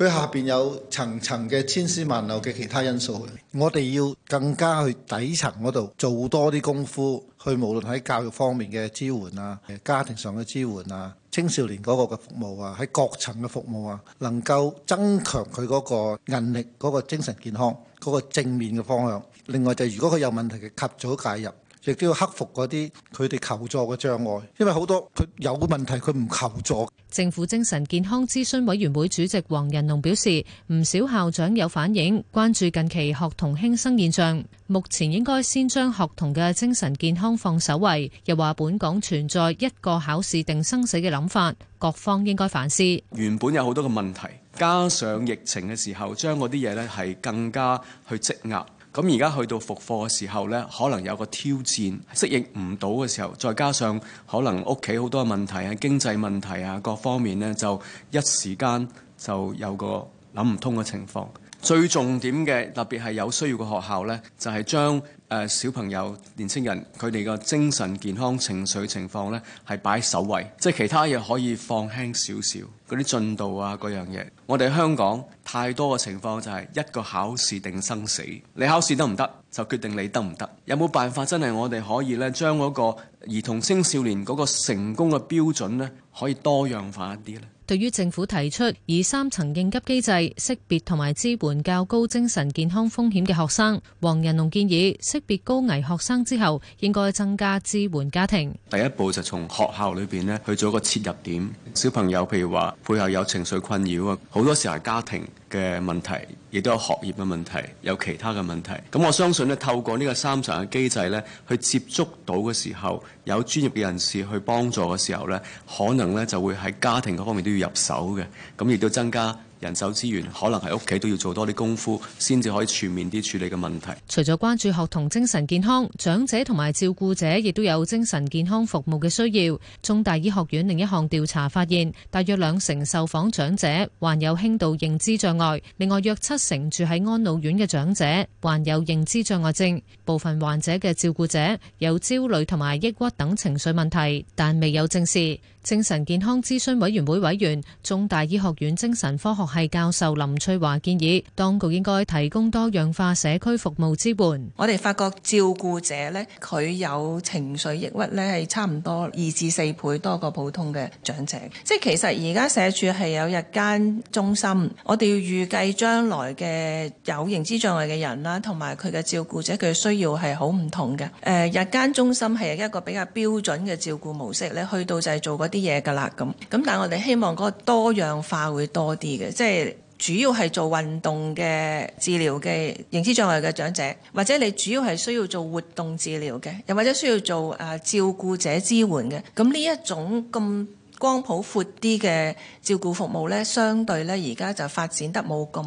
佢下邊有層層嘅千絲萬縷嘅其他因素，我哋要更加去底層嗰度做多啲功夫，去無論喺教育方面嘅支援啊，家庭上嘅支援啊，青少年嗰個嘅服務啊，喺各層嘅服務啊，能夠增強佢嗰個韌力、嗰個精神健康、嗰個正面嘅方向。另外就係如果佢有問題嘅及早介入。亦都要克服嗰啲佢哋求助嘅障礙，因為好多佢有個問題，佢唔求助。政府精神健康諮詢委員會主席黃仁龍表示，唔少校長有反映，關注近期學童輕生現象。目前應該先將學童嘅精神健康放首位。又話本港存在一個考試定生死嘅諗法，各方應該反思。原本有好多個問題，加上疫情嘅時候，將嗰啲嘢咧，係更加去積壓。咁而家去到復課嘅時候呢，可能有個挑戰，適應唔到嘅時候，再加上可能屋企好多問題啊、經濟問題啊各方面呢，就一時間就有個諗唔通嘅情況。最重點嘅，特別係有需要嘅學校呢，就係、是、將誒、呃、小朋友、年青人佢哋嘅精神健康、情緒情況呢，係擺喺首位。即係其他嘢可以放輕少少，嗰啲進度啊，嗰樣嘢。我哋香港太多嘅情況就係一個考試定生死，你考試得唔得就決定你得唔得。有冇辦法真係我哋可以呢，將嗰個兒童青少年嗰個成功嘅標準呢，可以多樣化一啲呢？對於政府提出以三層應急機制識別同埋支援較高精神健康風險嘅學生，黃仁龍建議識別高危學生之後，應該增加支援家庭。第一步就從學校裏邊咧去做一個切入點，小朋友譬如話背後有情緒困擾啊，好多時候係家庭。嘅問題，亦都有學業嘅問題，有其他嘅問題。咁我相信咧，透過呢個三層嘅機制咧，去接觸到嘅時候，有專業嘅人士去幫助嘅時候咧，可能咧就會喺家庭嗰方面都要入手嘅。咁亦都增加人手資源可能喺屋企都要做多啲功夫，先至可以全面啲處理嘅問題。除咗關注學童精神健康，長者同埋照顧者亦都有精神健康服務嘅需要。中大醫學院另一項調查發現，大約兩成受訪長者患有輕度認知障礙，另外約七成住喺安老院嘅長者患有認知障礙症。部分患者嘅照顧者有焦慮同埋抑鬱等情緒問題，但未有正視。精神健康諮詢委員會委員、中大醫學院精神科學系教授林翠華建議，當局應該提供多樣化社區服務支援。我哋發覺照顧者咧，佢有情緒抑鬱咧，係差唔多二至四倍多過普通嘅長者。即係其實而家社署係有日間中心，我哋要預計將來嘅有認知障礙嘅人啦，同埋佢嘅照顧者佢嘅需要係好唔同嘅。誒、呃，日間中心係一個比較標準嘅照顧模式咧，去到就係做嗰啲嘢㗎喇，咁咁但係我哋希望嗰個多樣化會多啲嘅，即係主要係做運動嘅治療嘅認知障礙嘅長者，或者你主要係需要做活動治療嘅，又或者需要做誒、呃、照顧者支援嘅，咁呢一種咁光譜闊啲嘅照顧服務呢，相對呢而家就發展得冇咁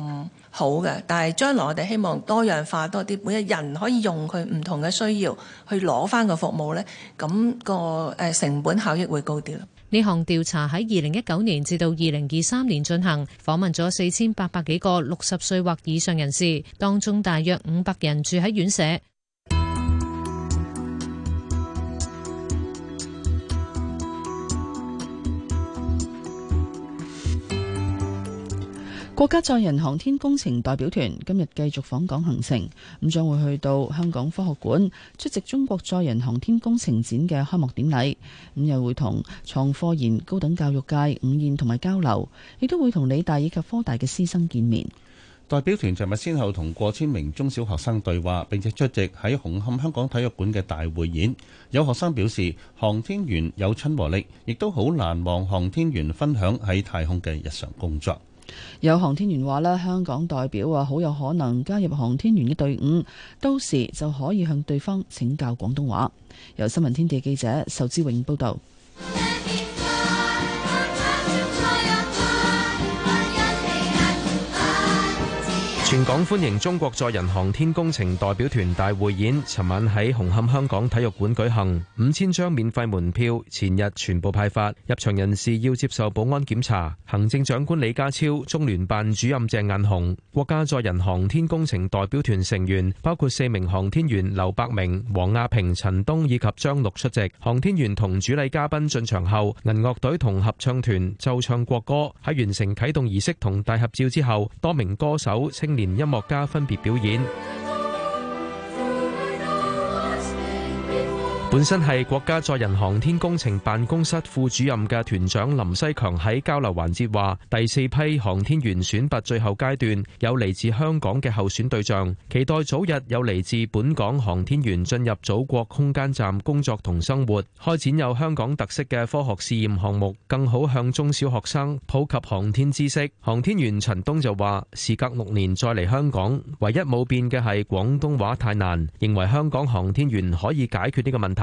好嘅，但係將來我哋希望多樣化多啲，每一人可以用佢唔同嘅需要去攞返個服務呢。咁、嗰個誒成本效益會高啲咯。呢項調查喺二零一九年至到二零二三年進行，訪問咗四千八百幾個六十歲或以上人士，當中大約五百人住喺院舍。國家載人航天工程代表團今日繼續訪港行程，咁將會去到香港科學館出席中國載人航天工程展嘅開幕典禮。咁又會同創科研高等教育界午宴同埋交流，亦都會同理大以及科大嘅師生見面。代表團昨日先後同過千名中小學生對話，並且出席喺紅磡香港體育館嘅大會演。有學生表示，航天員有親和力，亦都好難忘航天員分享喺太空嘅日常工作。有航天員話咧，香港代表話好有可能加入航天員嘅隊伍，到時就可以向對方請教廣東話。由新聞天地記者壽之永報道。全港歡迎中國載人航天工程代表團大匯演，尋晚喺紅磡香港體育館舉行，五千張免費門票前日全部派發，入場人士要接受保安檢查。行政長官李家超、中聯辦主任鄭雁雄、國家載人航天工程代表團成員包括四名航天員劉伯明、王亞平、陳冬以及張陸出席。航天員同主禮嘉賓進場後，銀樂隊同合唱團奏唱國歌。喺完成啟動儀式同大合照之後，多名歌手、青年。前音樂家分別表演。本身係國家載人航天工程辦公室副主任嘅團長林西強喺交流環節話，第四批航天員選拔最後階段有嚟自香港嘅候選對象，期待早日有嚟自本港航天員進入祖國空間站工作同生活，開展有香港特色嘅科學試驗項目，更好向中小學生普及航天知識。航天員陳東就話，時隔六年再嚟香港，唯一冇變嘅係廣東話太難，認為香港航天員可以解決呢個問題。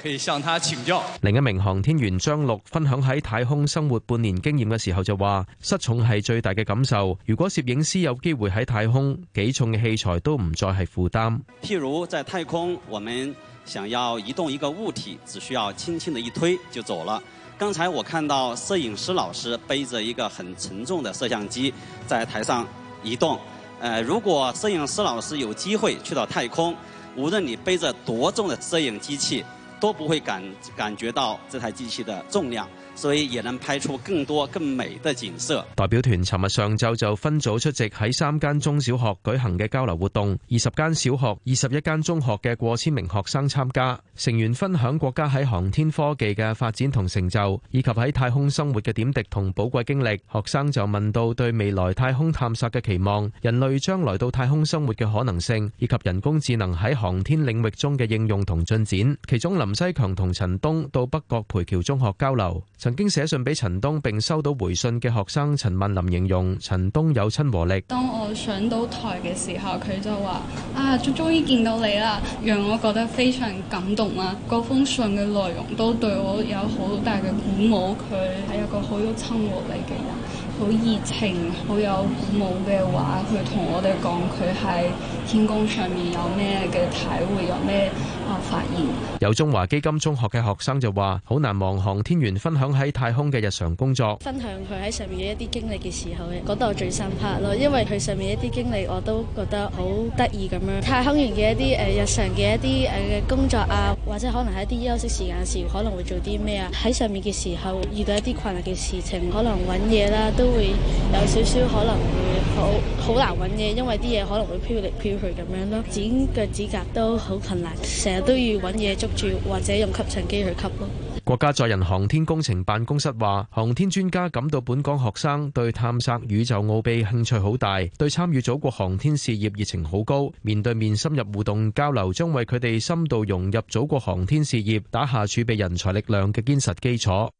可以向他請教。另一名航天員張陸分享喺太空生活半年經驗嘅時候就話失重係最大嘅感受。如果攝影師有機會喺太空，幾重嘅器材都唔再係負擔。譬如在太空，我們想要移動一個物體，只需要輕輕的一推就走了。剛才我看到攝影師老師背着一個很沉重的攝像機在台上移動。誒，如果攝影師老師有機會去到太空，無論你背着多重的攝影機器，都不會感感覺到這台機器的重量。所以也能拍出更多更美的景色。代表團尋日上晝就分組出席喺三間中小學舉行嘅交流活動，二十間小學、二十一間中學嘅過千名學生參加。成員分享國家喺航天科技嘅發展同成就，以及喺太空生活嘅點滴同寶貴經歷。學生就問到對未來太空探索嘅期望、人類將來到太空生活嘅可能性，以及人工智能喺航天領域中嘅應用同進展。其中林西強同陳東到北角培僑中學交流。曾經寫信俾陳東並收到回信嘅學生陳萬林形容陳東有親和力。當我上到台嘅時候，佢就話：啊，終終於見到你啦，讓我覺得非常感動啦。嗰封信嘅內容都對我有好大嘅鼓舞，佢係一個好有親和力嘅人。好熱情，好有鼓舞嘅話，佢同我哋講佢喺天宮上面有咩嘅體會，有咩啊發現。有中華基金中學嘅學生就話：好難忘航天員分享喺太空嘅日常工作。分享佢喺上面嘅一啲經歷嘅時候咧，覺得我最深刻咯，因為佢上面一啲經歷我都覺得好得意咁樣。太空員嘅一啲誒日常嘅一啲誒嘅工作啊，或者可能喺一啲休息時間時可能會做啲咩啊？喺上面嘅時候遇到一啲困難嘅事情，可能揾嘢啦都。都會有少少可能會好好難揾嘢，因為啲嘢可能會飄嚟飄去咁樣咯。剪腳趾甲都好困難，成日都要揾嘢捉住或者用吸塵機去吸咯。國家載人航天工程辦公室話：航天專家感到本港學生對探索宇宙奧秘興趣好大，對參與祖國航天事業熱情好高。面對面深入互動交流，將為佢哋深度融入祖國航天事業打下儲備人才力量嘅堅實基礎。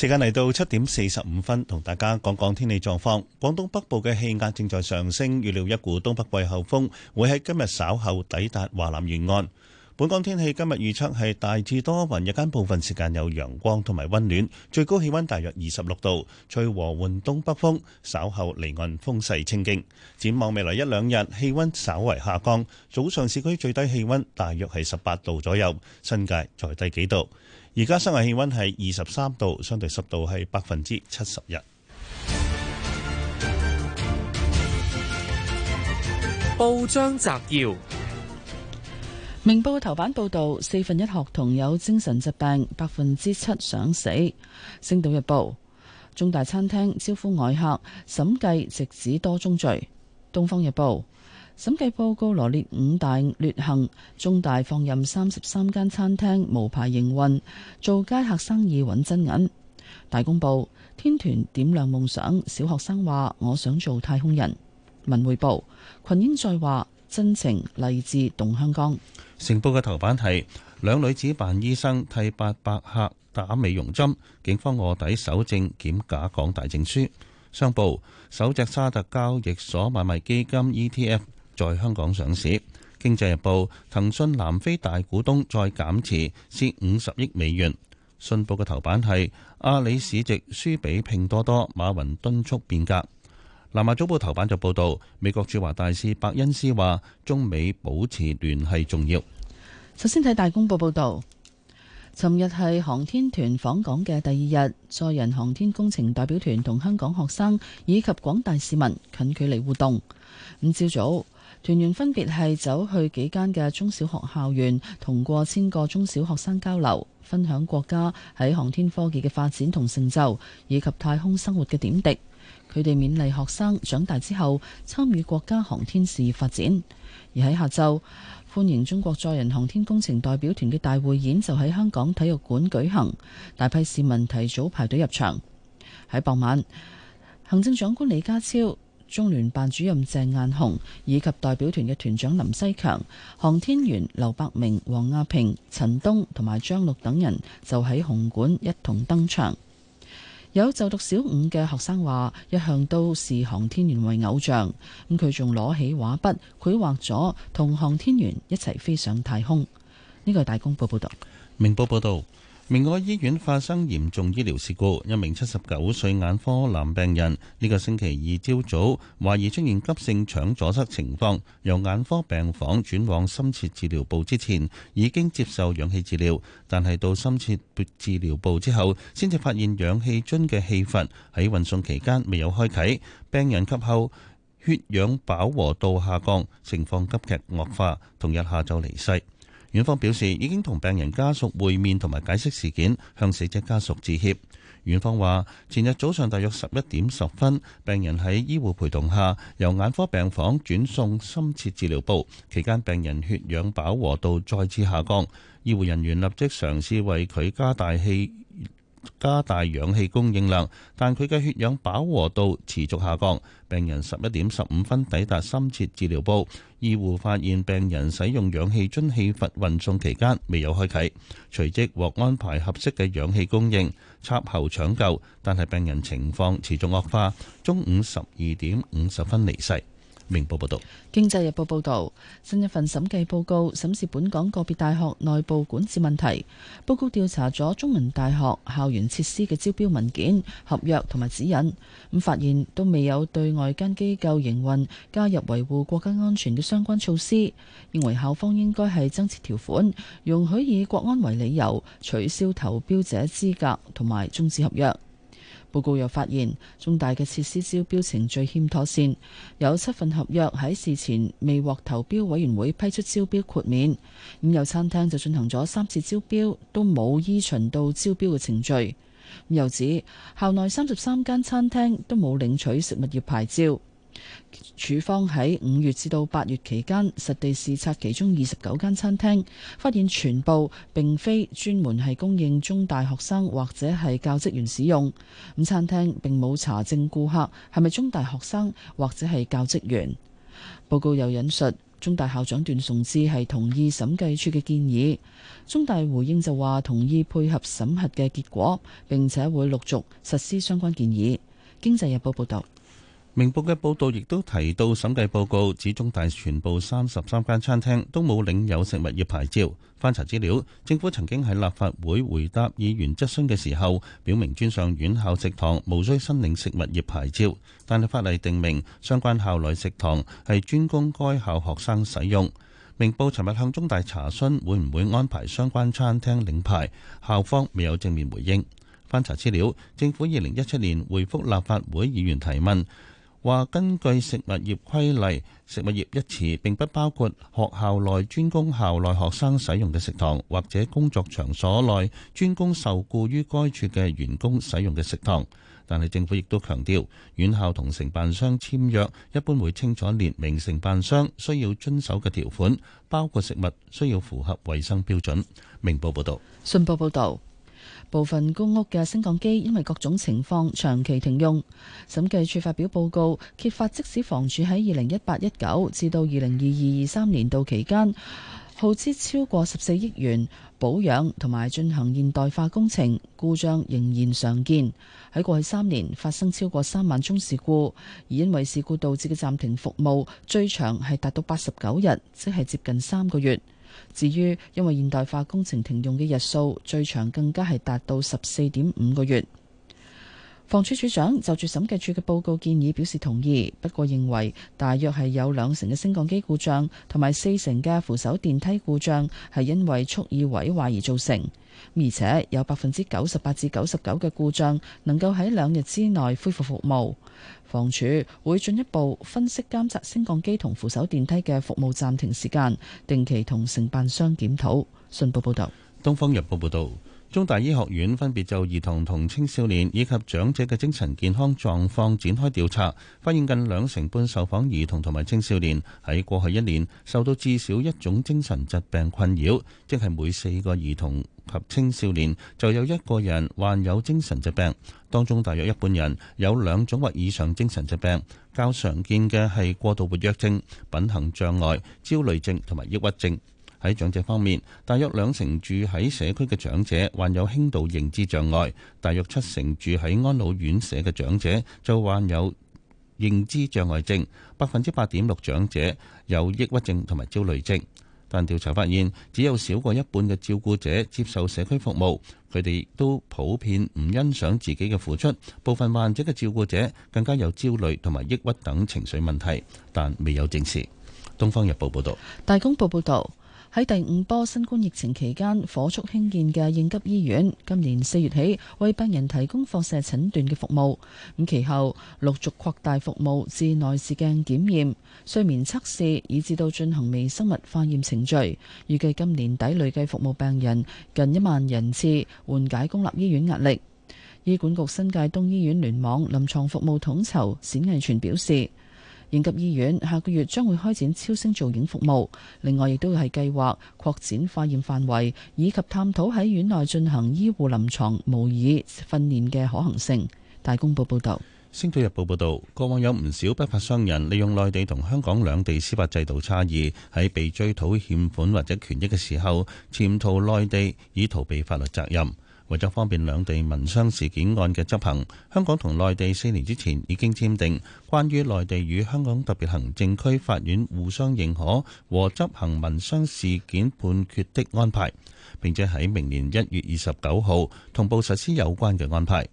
時間嚟到七點四十五分，同大家講講天氣狀況。廣東北部嘅氣壓正在上升，預料一股東北季候風會喺今日稍後抵達華南沿岸。本港天氣今日預測係大致多雲，日間部分時間有陽光同埋溫暖，最高氣溫大約二十六度，吹和緩東北風，稍後離岸風勢清勁。展望未來一兩日，氣溫稍為下降，早上市區最低氣溫大約係十八度左右，新界再低幾度。而家室外氣溫係二十三度，相對濕度係百分之七十一。報章摘要：明報頭版報導，四分一學童有精神疾病，百分之七想死。星島日報：中大餐廳招呼外客，審計直指多宗罪。東方日報。審計報告羅列五大劣行，中大放任三十三間餐廳無牌營運，做街客生意揾真銀。大公報：天團點亮夢想，小學生話我想做太空人。文匯報：群英再話真情勵志動香港。成報嘅頭版係兩女子扮醫生替八百客打美容針，警方臥底搜證檢假港大證書。商報：首隻沙特交易所買賣基金 ETF。在香港上市。《經濟日報》騰訊南非大股東再減持，蝕五十億美元。《信報》嘅頭版係阿里市值輸俾拼多多，馬雲敦促變革。《南華早報》頭版就報道，美國駐華大使白恩斯話，中美保持聯繫重要。首先睇大公報報道，尋日係航天團訪港嘅第二日，載人航天工程代表團同香港學生以及廣大市民近距離互動，咁朝早。團員分別係走去幾間嘅中小學校園，同過千個中小學生交流，分享國家喺航天科技嘅發展同成就，以及太空生活嘅點滴。佢哋勉勵學生長大之後參與國家航天事業發展。而喺下晝，歡迎中國載人航天工程代表團嘅大匯演就喺香港體育館舉行，大批市民提早排隊入場。喺傍晚，行政長官李家超，中聯辦主任鄭雁雄以及代表團嘅團長林西強、航天員劉伯明、王亞平、陳冬同埋張陸等人就喺紅館一同登場。有就讀小五嘅學生話，一向都視航天員為偶像，咁佢仲攞起畫筆繪畫咗同航天員一齊飛上太空。呢個係大公報報道，明報報道。明愛醫院發生嚴重醫療事故，一名七十九歲眼科男病人，呢、這個星期二朝早懷疑出現急性腸阻塞情況，由眼科病房轉往深切治療部之前已經接受氧氣治療，但係到深切治療部之後，先至發現氧氣樽嘅氣閥喺運送期間未有開啓，病人及後血氧飽和度下降，情況急劇惡化，同日下晝離世。院方表示已經同病人家屬會面同埋解釋事件，向死者家屬致歉。院方話：前日早上大約十一點十分，病人喺醫護陪同下由眼科病房轉送深切治療部，期間病人血氧飽和度再次下降，醫護人員立即嘗試為佢加大氣。加大氧氣供應量，但佢嘅血氧飽和度持續下降。病人十一點十五分抵達深切治療部，醫護發現病人使用氧氣樽氣氣閥運送期間未有開啟，隨即獲安排合適嘅氧氣供應插喉搶救，但係病人情況持續惡化，中午十二點五十分離世。明報報導，《經濟日報》報導，新一份審計報告審視本港個別大學內部管治問題。報告調查咗中文大學校園設施嘅招標文件、合約同埋指引，咁發現都未有對外間機構營運加入維護國家安全嘅相關措施，認為校方應該係增設條款，容許以國安為理由取消投標者資格同埋終止合約。報告又發現，中大嘅設施招標程序欠妥善，有七份合約喺事前未獲投標委員會批出招標豁免。咁有餐廳就進行咗三次招標，都冇依循到招標嘅程序。咁又指校內三十三間餐廳都冇領取食物業牌照。處方喺五月至到八月期間實地視察其中二十九間餐廳，發現全部並非專門係供應中大學生或者係教職員使用。咁餐廳並冇查證顧客係咪中大學生或者係教職員。報告又引述中大校長段崇智係同意審計處嘅建議。中大回應就話同意配合審核嘅結果，並且會陸續實施相關建議。經濟日報報道。明報嘅報導亦都提到，審計報告指中大全部三十三間餐廳都冇領有食物業牌照。翻查資料，政府曾經喺立法會回答議員質詢嘅時候，表明專上院校食堂無需申領食物業牌照，但係法例定明相關校內食堂係專供該校學生使用。明報尋日向中大查詢會唔會安排相關餐廳領牌，校方未有正面回應。翻查資料，政府二零一七年回覆立法會議員提問。話根據食物業規例，食物業一詞並不包括學校內專供校內學生使用嘅食堂，或者工作場所內專供受僱於該處嘅員工使用嘅食堂。但係政府亦都強調，院校同承辦商簽約一般會清楚列明承辦商需要遵守嘅條款，包括食物需要符合衛生標準。明報報道。信報報道。部分公屋嘅升降機因為各種情況長期停用，審計署發表報告揭發，即使房署喺二零一八、一九至到二零二二、二三年度期間耗資超過十四億元保養同埋進行現代化工程，故障仍然常見。喺過去三年發生超過三萬宗事故，而因為事故導致嘅暫停服務最長係達到八十九日，即係接近三個月。至於因為現代化工程停用嘅日數最長，更加係達到十四點五個月。房署署長就住審計處嘅報告建議表示同意，不過認為大約係有兩成嘅升降機故障同埋四成嘅扶手電梯故障係因為蓄意毀壞而造成，而且有百分之九十八至九十九嘅故障能夠喺兩日之內恢復服務。房署會進一步分析監察升降機同扶手電梯嘅服務暫停時間，定期同承辦商檢討。信報報道，東方日報報道。中大醫學院分別就兒童同青少年以及長者嘅精神健康狀況展開調查，發現近兩成半受訪兒童同埋青少年喺過去一年受到至少一種精神疾病困擾，即係每四個兒童及青少年就有一個人患有精神疾病，當中大約一半人有兩種或以上精神疾病，較常見嘅係過度活躍症、品行障礙、焦慮症同埋抑鬱症。喺長者方面，大約兩成住喺社區嘅長者患有輕度認知障礙，大約七成住喺安老院舍嘅長者就患有認知障礙症，百分之八點六長者有抑鬱症同埋焦慮症。但調查發現，只有少過一半嘅照顧者接受社區服務，佢哋都普遍唔欣賞自己嘅付出。部分患者嘅照顧者更加有焦慮同埋抑鬱等情緒問題，但未有證實。《東方日報》報道。《大公報》報導。喺第五波新冠疫情期間火速興建嘅應急醫院，今年四月起為病人提供放射診斷嘅服務，咁其後陸續擴大服務至內視鏡檢驗睡眠測試，以至到進行微生物化驗程序。預計今年底累計服務病人近一萬人次，緩解公立醫院壓力。醫管局新界東醫院聯網臨床服務統籌冼藝全表示，應急醫院下個月將會開展超聲造影服務，另外亦都係計劃擴展化驗範圍，以及探討喺院內進行醫護臨床模擬訓練嘅可行性。大公報報道，《星島日報》報道，過往有唔少不法商人利用內地同香港兩地司法制度差異，喺被追討欠款或者權益嘅時候潛逃內地，以逃避法律責任。為咗方便兩地民商事件案嘅執行，香港同內地四年之前已經簽訂關於內地與香港特別行政區法院互相認可和執行民商事件判決的安排，並且喺明年一月二十九號同步實施有關嘅安排。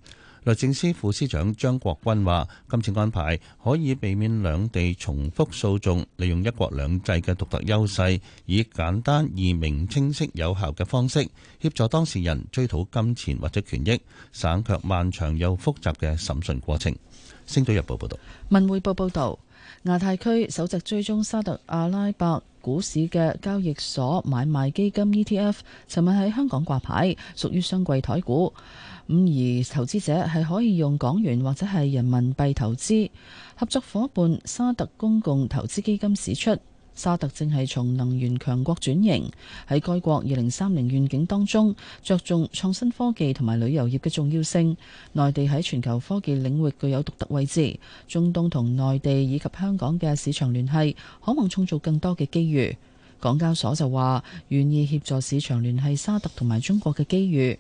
律政司副司長張國鈞話：今次安排可以避免兩地重複訴訟，利用一國兩制嘅獨特優勢，以簡單、易明、清晰、有效嘅方式協助當事人追討金錢或者權益，省卻漫長又複雜嘅審訊過程。星島日報報道，文匯報報道，亞太區首席追蹤沙特阿拉伯股市嘅交易所買賣基金 ETF，尋日喺香港掛牌，屬於雙櫃台股。五，而投資者係可以用港元或者係人民幣投資。合作伙伴沙特公共投資基金指出，沙特正係從能源強國轉型，喺該國二零三零願景當中着重創新科技同埋旅遊業嘅重要性。內地喺全球科技領域具有獨特位置，中東同內地以及香港嘅市場聯繫，可望創造更多嘅機遇。港交所就話願意協助市場聯繫沙特同埋中國嘅機遇。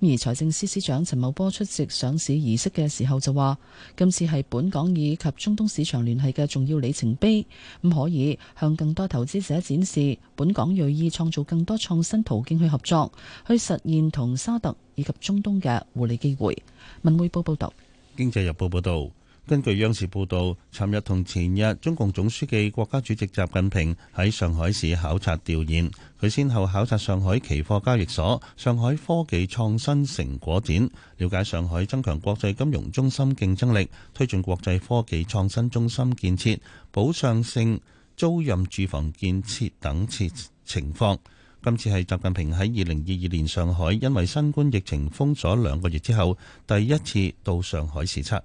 而財政司司長陳茂波出席上市儀式嘅時候就話：今次係本港以及中東市場聯繫嘅重要里程碑，咁可以向更多投資者展示本港銳意創造更多創新途徑去合作，去實現同沙特以及中東嘅互利機會。文匯報報道。經濟日報報道。根據央視報導，尋日同前日，中共總書記、國家主席習近平喺上海市考察調研。佢先後考察上海期貨交易所、上海科技創新成果展，了解上海增強國際金融中心競爭力、推進國際科技創新中心建設、保障性租賃住房建設等設情況。今次係習近平喺二零二二年上海因為新冠疫情封鎖兩個月之後，第一次到上海視察。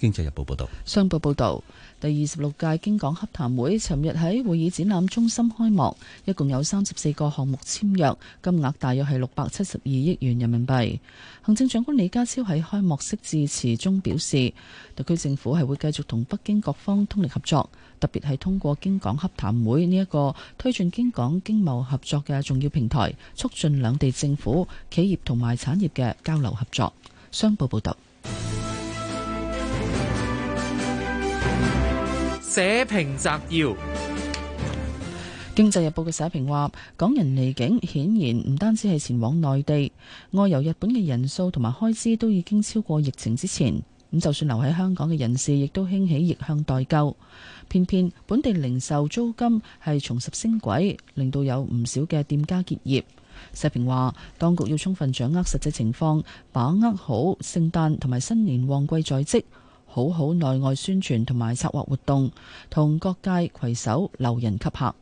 經濟日報報道，商報報道，第二十六屆京港洽談會尋日喺會議展覽中心開幕，一共有三十四個項目簽約，金額大約係六百七十二億元人民幣。行政長官李家超喺開幕式致辭中表示，特區政府係會繼續同北京各方通力合作，特別係通過京港洽談會呢一個推進京港經貿合作嘅重要平台，促進兩地政府、企業同埋產業嘅交流合作。商報報道。社評摘要：經濟日報嘅社評話，港人離境顯然唔單止係前往內地，外遊日本嘅人數同埋開支都已經超過疫情之前。咁就算留喺香港嘅人士，亦都興起逆向代購。偏偏本地零售租金係重拾升軌，令到有唔少嘅店家結業。社評話，當局要充分掌握實際情況，把握好聖誕同埋新年旺季在即，好好內外宣傳同埋策劃活動，同各界攜手留人吸客。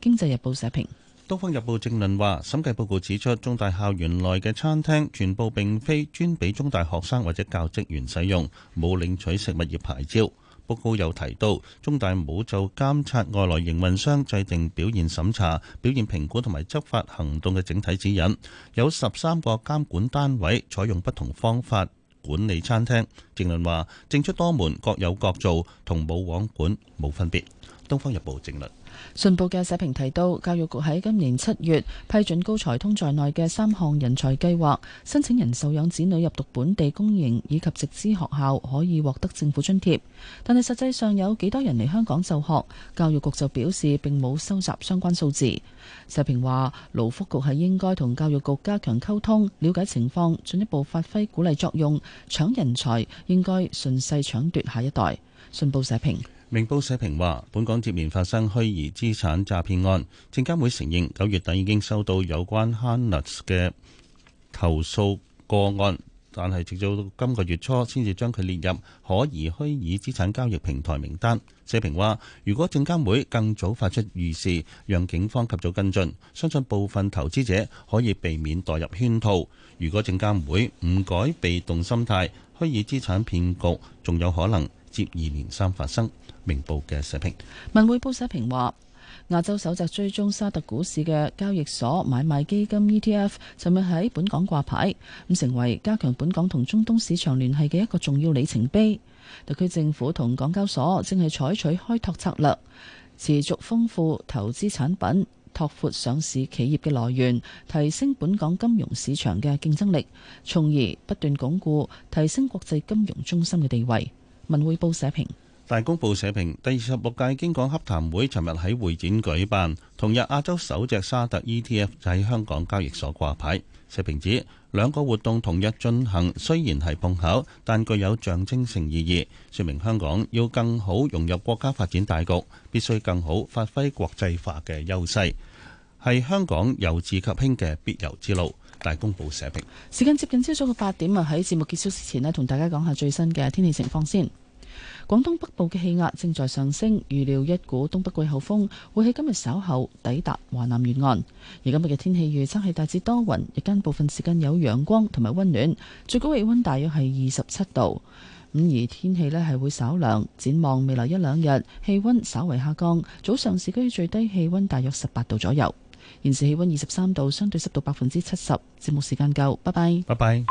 經濟日報社評。《東方日報》正論話：審計報告指出，中大校園內嘅餐廳全部並非專俾中大學生或者教職員使用，冇領取食物業牌照。報告又提到，中大冇就監察外來營運商制定表現審查、表現評估同埋執法行動嘅整體指引，有十三個監管單位採用不同方法，管理餐廳，政論話政出多門各有各做，同冇網管冇分別。《東方日報》政論。信報嘅社評提到，教育局喺今年七月批准高才通在內嘅三項人才計劃，申請人受養子女入讀本地公營以及直資學校可以獲得政府津貼。但係實際上有幾多人嚟香港就學？教育局就表示並冇收集相關數字。社評話，勞福局係應該同教育局加強溝通，了解情況，進一步發揮鼓勵作用，搶人才，應該順勢搶奪下一代。信報社評。明報社評話，本港接連發生虛擬資產詐騙案，證監會承認九月底已經收到有關 Hanus 嘅投訴個案，但係直到今個月初先至將佢列入可疑虛擬資產交易平台名單。社評話，如果證監會更早發出預示，讓警方及早跟進，相信部分投資者可以避免墮入圈套。如果證監會唔改被動心態，虛擬資產騙局仲有可能接二連三發生。明報嘅社評。文匯報社評話，亞洲首隻追蹤沙特股市嘅交易所買賣基金 ETF，尋日喺本港掛牌，咁成為加強本港同中東市場聯繫嘅一個重要里程碑。特區政府同港交所正係採取開拓策略，持續豐富投資產品，拓闊上市企業嘅來源，提升本港金融市場嘅競爭力，從而不斷鞏固提升國際金融中心嘅地位。文匯報社評。大公報社評：第二十六屆京港洽談會尋日喺會展舉辦，同日亞洲首隻沙特 ETF 喺香港交易所掛牌。社評指兩個活動同日進行，雖然係碰巧，但具有象徵性意義，說明香港要更好融入國家發展大局，必須更好發揮國際化嘅優勢，係香港由治及興嘅必由之路。大公報社評。時間接近朝早嘅八點啊，喺節目結束之前咧，同大家講下最新嘅天氣情況先。廣東北部嘅氣壓正在上升，預料一股東北季候風會喺今日稍後抵達華南沿岸。而今日嘅天氣預測係大致多雲，日間部分時間有陽光同埋溫暖，最高氣溫大約係二十七度。咁而天氣呢係會稍涼，展望未來一兩日氣溫稍為下降，早上市區最低氣溫大約十八度左右。現時氣溫二十三度，相對濕度百分之七十。節目時間夠，拜拜，拜拜。